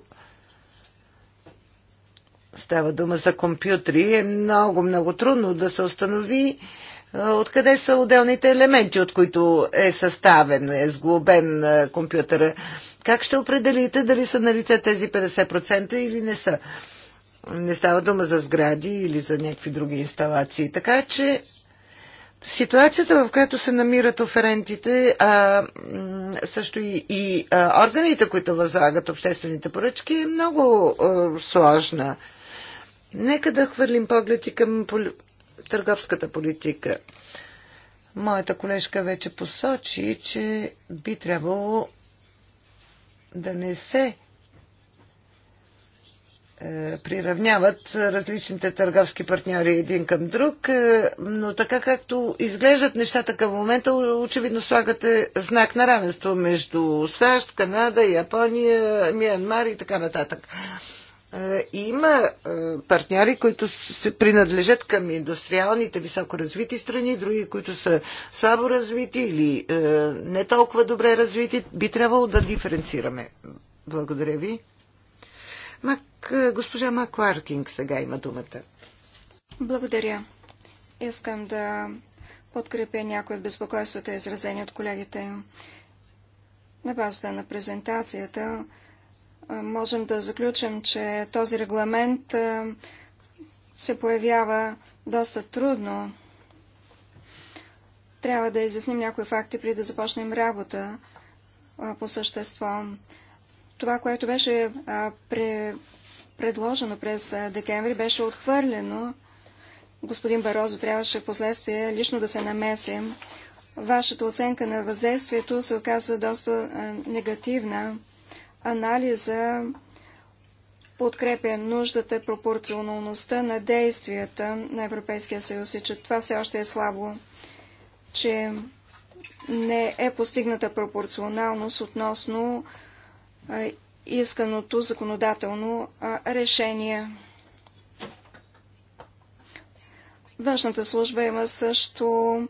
става дума за компютри, е много, много трудно да се установи е, откъде са отделните елементи, от които е съставен, е сглобен е, компютъра. Как ще определите дали са на лице тези 50% или не са? Не става дума за сгради или за някакви други инсталации. Така че Ситуацията, в която се намират оферентите, а също и, и а, органите, които възлагат обществените поръчки, е много а, сложна. Нека да хвърлим поглед и към поли... търговската политика. Моята колежка вече посочи, че би трябвало да не се е, приравняват различните търговски партньори един към друг, е, но така както изглеждат нещата към момента, очевидно слагате знак на равенство между САЩ, Канада, Япония, Миянмар и така нататък. Е, има партньори, които се принадлежат към индустриалните високоразвити страни, други, които са слабо развити или не толкова добре развити. Би трябвало да диференцираме. Благодаря ви. Мак, е, госпожа Макларкинг сега има думата. Благодаря. Искам да подкрепя някои от безпокойствата, изразени от колегите. На базата на презентацията е, можем да заключим, че този регламент е, се появява доста трудно. Трябва да изясним някои факти, преди да започнем работа по същество. Това, което беше а, пре, предложено през декември, беше отхвърлено. Господин Барозо трябваше в последствие лично да се намесим, Вашата оценка на въздействието се оказа доста а, негативна. Анализа подкрепя нуждата, пропорционалността на действията на Европейския съюз и че това все още е слабо, че не е постигната пропорционалност относно исканото законодателно решение. Външната служба има също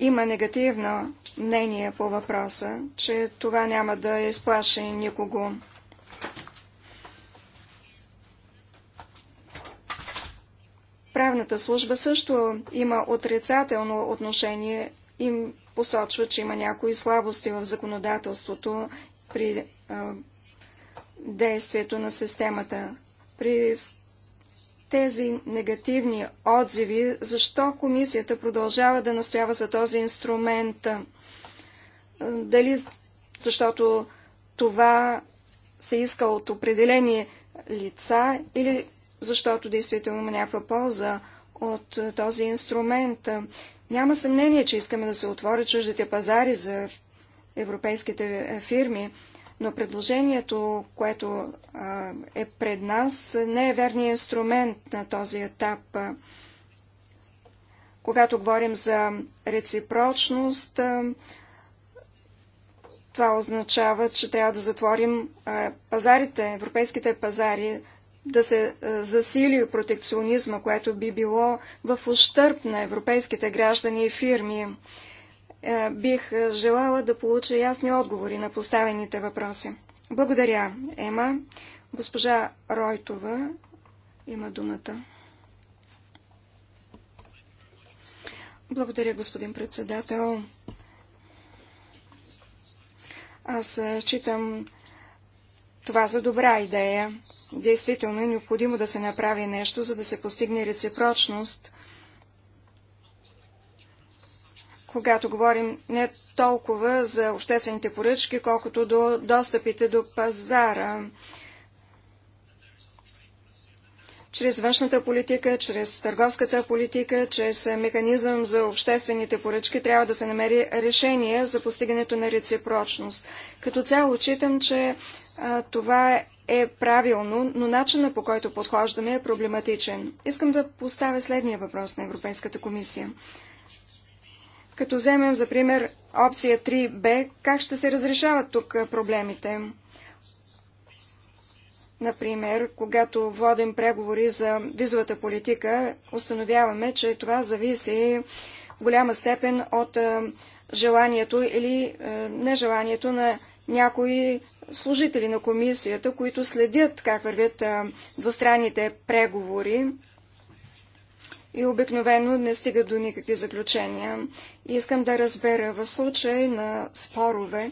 има негативно мнение по въпроса, че това няма да изплаши никого. Правната служба също има отрицателно отношение и посочва, че има някои слабости в законодателството при а, действието на системата. При тези негативни отзиви, защо комисията продължава да настоява за този инструмент? Дали защото това се иска от определени лица или защото действително има някаква полза от този инструмент. Няма съмнение, че искаме да се отворят чуждите пазари за европейските е, фирми. Но предложението, което е пред нас, не е верният инструмент на този етап. Когато говорим за реципрочност, това означава, че трябва да затворим пазарите, европейските пазари, да се засили протекционизма, което би било в ущърп на европейските граждани и фирми. Е, бих е, желала да получа ясни отговори на поставените въпроси. Благодаря, Ема. Госпожа Ройтова има думата. Благодаря, господин председател. Аз е, читам това за добра идея. Действително е необходимо да се направи нещо, за да се постигне реципрочност – когато говорим не толкова за обществените поръчки, колкото до достъпите до пазара. Чрез външната политика, чрез търговската политика, чрез механизъм за обществените поръчки трябва да се намери решение за постигането на реципрочност. Като цяло читам, че а, това е правилно, но начина по който подхождаме е проблематичен. Искам да поставя следния въпрос на Европейската комисия. Като вземем за пример опция 3b, как ще се разрешават тук проблемите? Например, когато водим преговори за визовата политика, установяваме, че това зависи в голяма степен от желанието или нежеланието на някои служители на комисията, които следят как вървят двустранните преговори и обикновено не стига до никакви заключения. И искам да разбера в случай на спорове,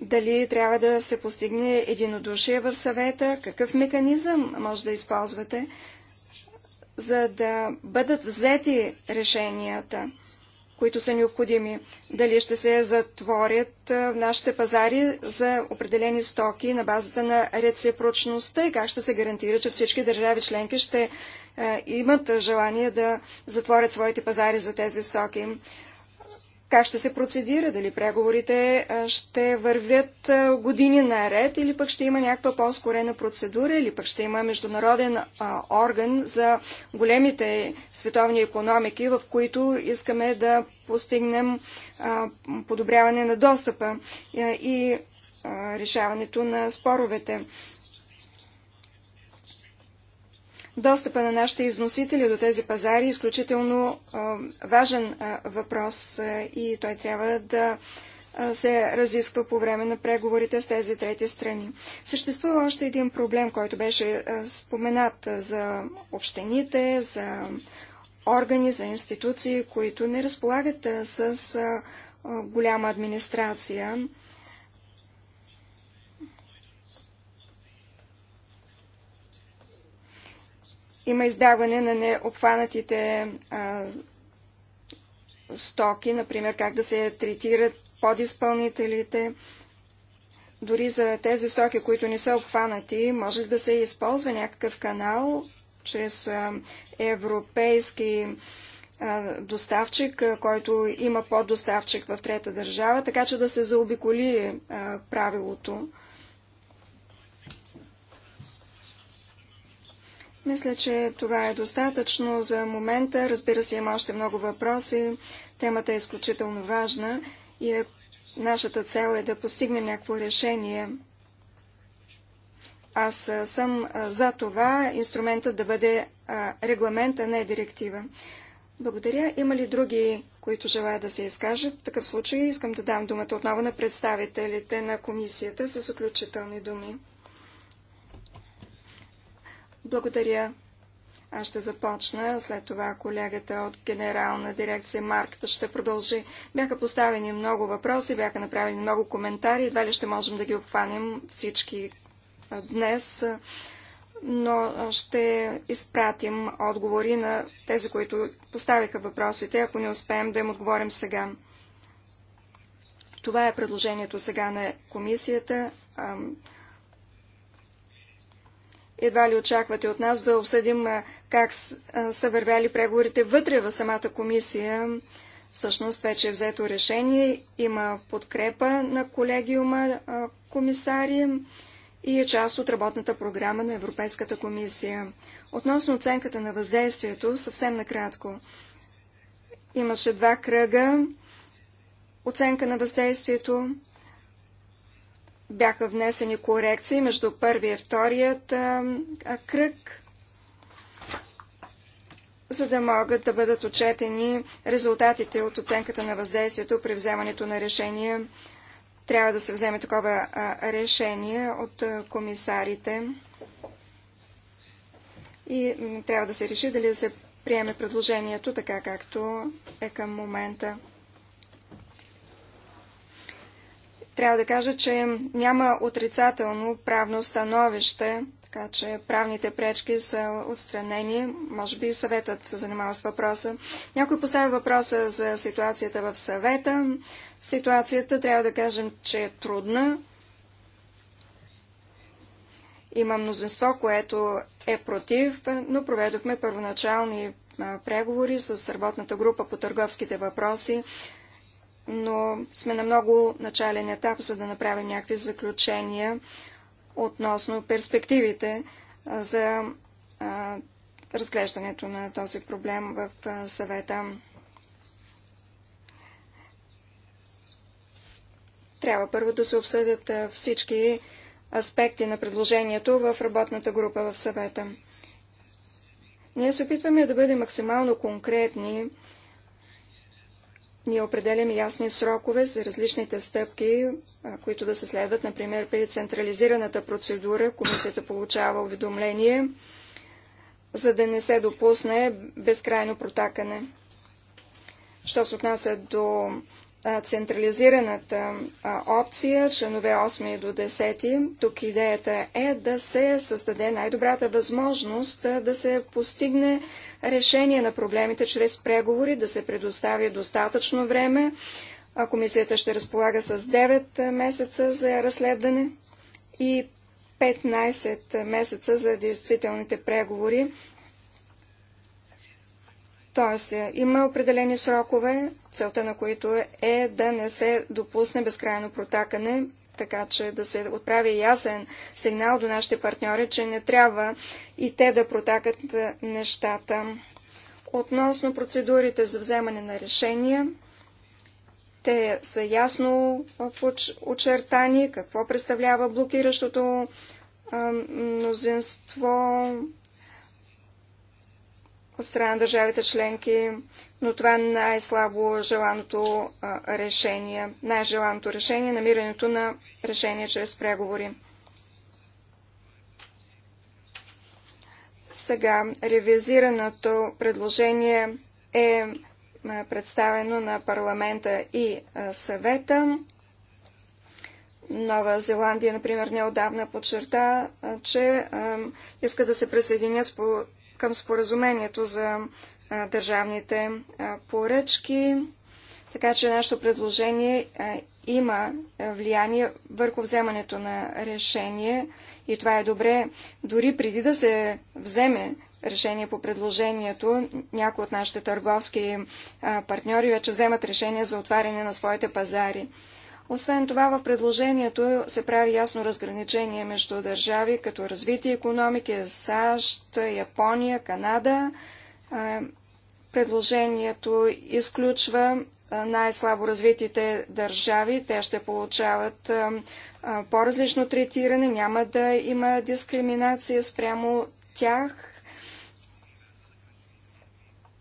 дали трябва да се постигне единодушие в съвета, какъв механизъм може да използвате, за да бъдат взети решенията, които са необходими. Дали ще се затворят в нашите пазари за определени стоки на базата на реципрочността и как ще се гарантира, че всички държави членки ще е, имат желание да затворят своите пазари за тези стоки. Как ще се процедира? Дали преговорите е, ще вървят е, години наред или пък ще има някаква по-скорена процедура или пък ще има международен орган за големите световни економики, в които искаме да постигнем подобряване на достъпа и решаването на споровете. Достъпа на нашите износители до тези пазари е изключително важен въпрос и той трябва да се разисква по време на преговорите с тези трети страни. Съществува още един проблем, който беше споменат за общините, за органи, за институции, които не разполагат с голяма администрация. Има избягване на необхванатите а, стоки, например как да се третират подизпълнителите. Дори за тези стоки, които не са обхванати, може да се използва някакъв канал чрез а, европейски доставчик, който има поддоставчик в трета държава, така че да се заобиколи правилото. Мисля, че това е достатъчно за момента. Разбира се, има още много въпроси. Темата е изключително важна и е, нашата цел е да постигнем някакво решение. Аз съм за това инструментът да бъде регламент, а не директива. Благодаря. Има ли други, които желаят да се изкажат? В такъв случай искам да дам думата отново на представителите на комисията с заключителни думи. Благодаря. Аз ще започна, след това колегата от генерална дирекция Марката ще продължи. Бяха поставени много въпроси, бяха направени много коментари, едва ли ще можем да ги обхванем всички днес, но ще изпратим отговори на тези, които поставиха въпросите, ако не успеем да им отговорим сега. Това е предложението сега на комисията. Едва ли очаквате от нас да обсъдим как са вървяли преговорите вътре в самата комисия. Всъщност вече е взето решение, има подкрепа на колегиума комисари и е част от работната програма на Европейската комисия. Относно оценката на въздействието, съвсем накратко. Имаше два кръга. Оценка на въздействието бяха внесени корекции между първия и вторият а, а, кръг, за да могат да бъдат отчетени резултатите от оценката на въздействието при вземането на решение. Трябва да се вземе такова а, решение от а, комисарите и трябва да се реши дали да се приеме предложението така както е към момента. Трябва да кажа, че няма отрицателно правно становище, така че правните пречки са отстранени. Може би съветът се занимава с въпроса. Някой поставя въпроса за ситуацията в съвета. Ситуацията трябва да кажем, че е трудна. Има мнозинство, което е против, но проведохме първоначални преговори с работната група по търговските въпроси но сме на много начален етап, за да направим някакви заключения относно перспективите за разглеждането на този проблем в съвета. Трябва първо да се обсъдят всички аспекти на предложението в работната група в съвета. Ние се опитваме да бъдем максимално конкретни ние определяме ясни срокове за различните стъпки, които да се следват. Например, при централизираната процедура комисията получава уведомление, за да не се допусне безкрайно протакане. Що се отнася до централизираната опция, членове 8 до 10. Тук идеята е да се създаде най-добрата възможност да се постигне решение на проблемите чрез преговори, да се предостави достатъчно време. Комисията ще разполага с 9 месеца за разследване и 15 месеца за действителните преговори. Тоест, е, има определени срокове, целта на които е да не се допусне безкрайно протакане, така че да се отправи ясен сигнал до нашите партньори, че не трябва и те да протакат е, нещата. Относно процедурите за вземане на решения, те са ясно е, очертани, какво представлява блокиращото мнозинство, от страна на държавите членки, но това е най-слабо желаното решение. Най-желаното решение намирането на решение чрез преговори. Сега ревизираното предложение е представено на парламента и съвета. Нова Зеландия, например, неодавна подчерта, че иска да се присъединят към споразумението за държавните поръчки. Така че нашето предложение има влияние върху вземането на решение и това е добре. Дори преди да се вземе решение по предложението, някои от нашите търговски партньори вече вземат решение за отваряне на своите пазари. Освен това, в предложението се прави ясно разграничение между държави като развити економики, САЩ, Япония, Канада. Е, предложението изключва е, най-слабо развитите държави. Те ще получават е, по-различно третиране, няма да има дискриминация спрямо тях.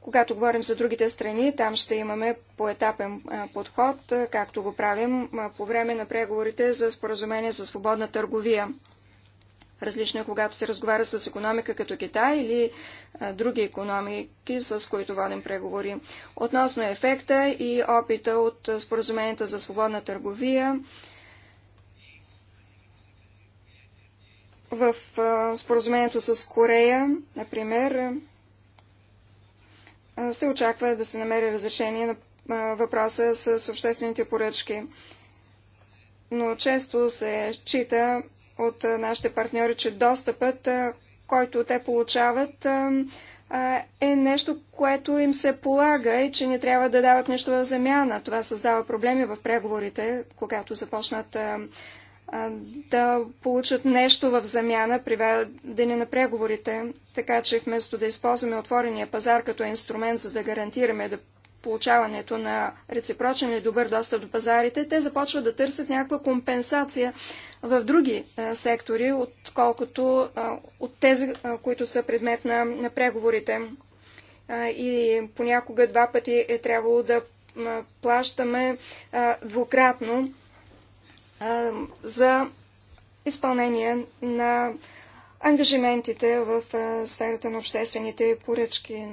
Когато говорим за другите страни, там ще имаме поетапен подход, както го правим по време на преговорите за споразумение за свободна търговия. Различно е, когато се разговаря с економика като Китай или а, други економики, с които водим преговори. Относно ефекта и опита от споразуменията за свободна търговия, в а, споразумението с Корея, например, се очаква да се намери разрешение на въпроса с обществените поръчки. Но често се счита от нашите партньори, че достъпът, който те получават, е нещо, което им се полага и че не трябва да дават нещо в замяна. Това създава проблеми в преговорите, когато започнат да получат нещо в замяна при ведене на преговорите. Така че вместо да използваме отворения пазар като инструмент, за да гарантираме да получаването на реципрочен или добър достъп до пазарите, те започват да търсят някаква компенсация в други а, сектори, отколкото а, от тези, а, които са предмет на, на преговорите. И понякога два пъти е трябвало да плащаме двукратно за изпълнение на ангажиментите в сферата на обществените поръчки.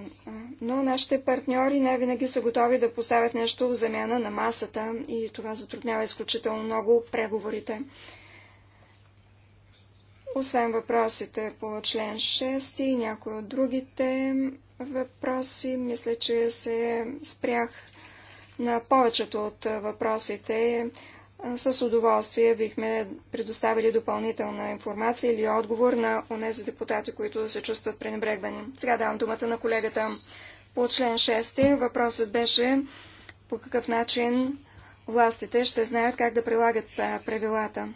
Но нашите партньори не винаги са готови да поставят нещо в замяна на масата и това затруднява изключително много преговорите. Освен въпросите по член 6 и някои от другите въпроси, мисля, че се спрях на повечето от въпросите, с удоволствие бихме предоставили допълнителна информация или отговор на онези депутати, които се чувстват пренебрегвани. Сега давам думата на колегата по член 6. Въпросът беше по какъв начин властите ще знаят как да прилагат правилата.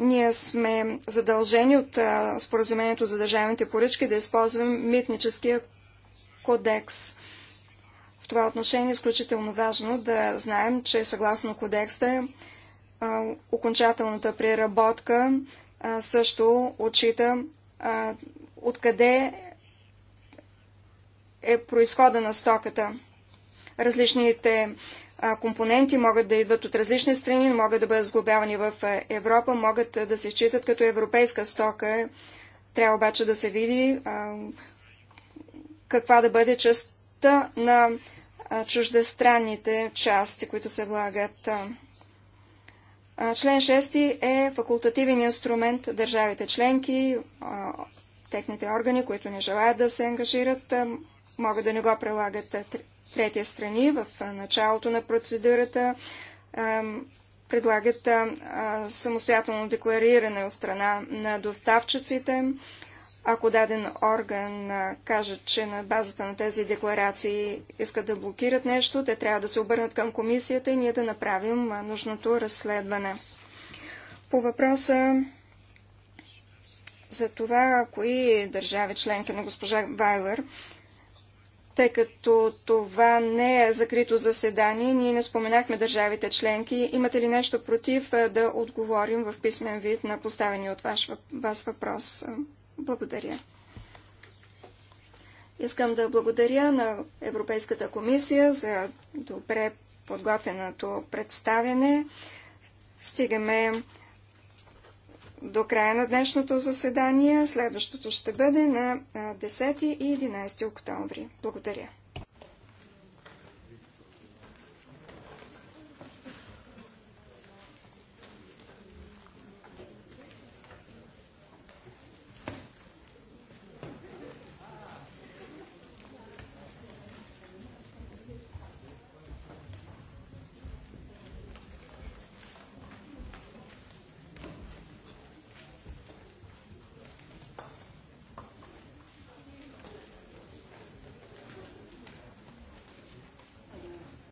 Ние сме задължени от споразумението за държавните поръчки да използваме митническия кодекс – това отношение е изключително важно да знаем, че съгласно кодекста окончателната преработка също отчита откъде е происхода на стоката. Различните компоненти могат да идват от различни страни, могат да бъдат сглобявани в Европа, могат да се считат като европейска стока. Трябва обаче да се види каква да бъде частта на чуждестранните части, които се влагат. Член 6 е факултативен инструмент държавите членки, техните органи, които не желаят да се ангажират, могат да не го прилагат трети страни. В началото на процедурата предлагат самостоятелно деклариране от страна на доставчиците ако даден орган каже, че на базата на тези декларации искат да блокират нещо, те трябва да се обърнат към комисията и ние да направим нужното разследване. По въпроса за това, кои държави членки на госпожа Вайлер, тъй като това не е закрито заседание, ние не споменахме държавите членки. Имате ли нещо против да отговорим в писмен вид на поставени от вас въпрос? Благодаря. Искам да благодаря на Европейската комисия за добре подготвеното представяне. Стигаме до края на днешното заседание. Следващото ще бъде на 10 и 11 октомври. Благодаря.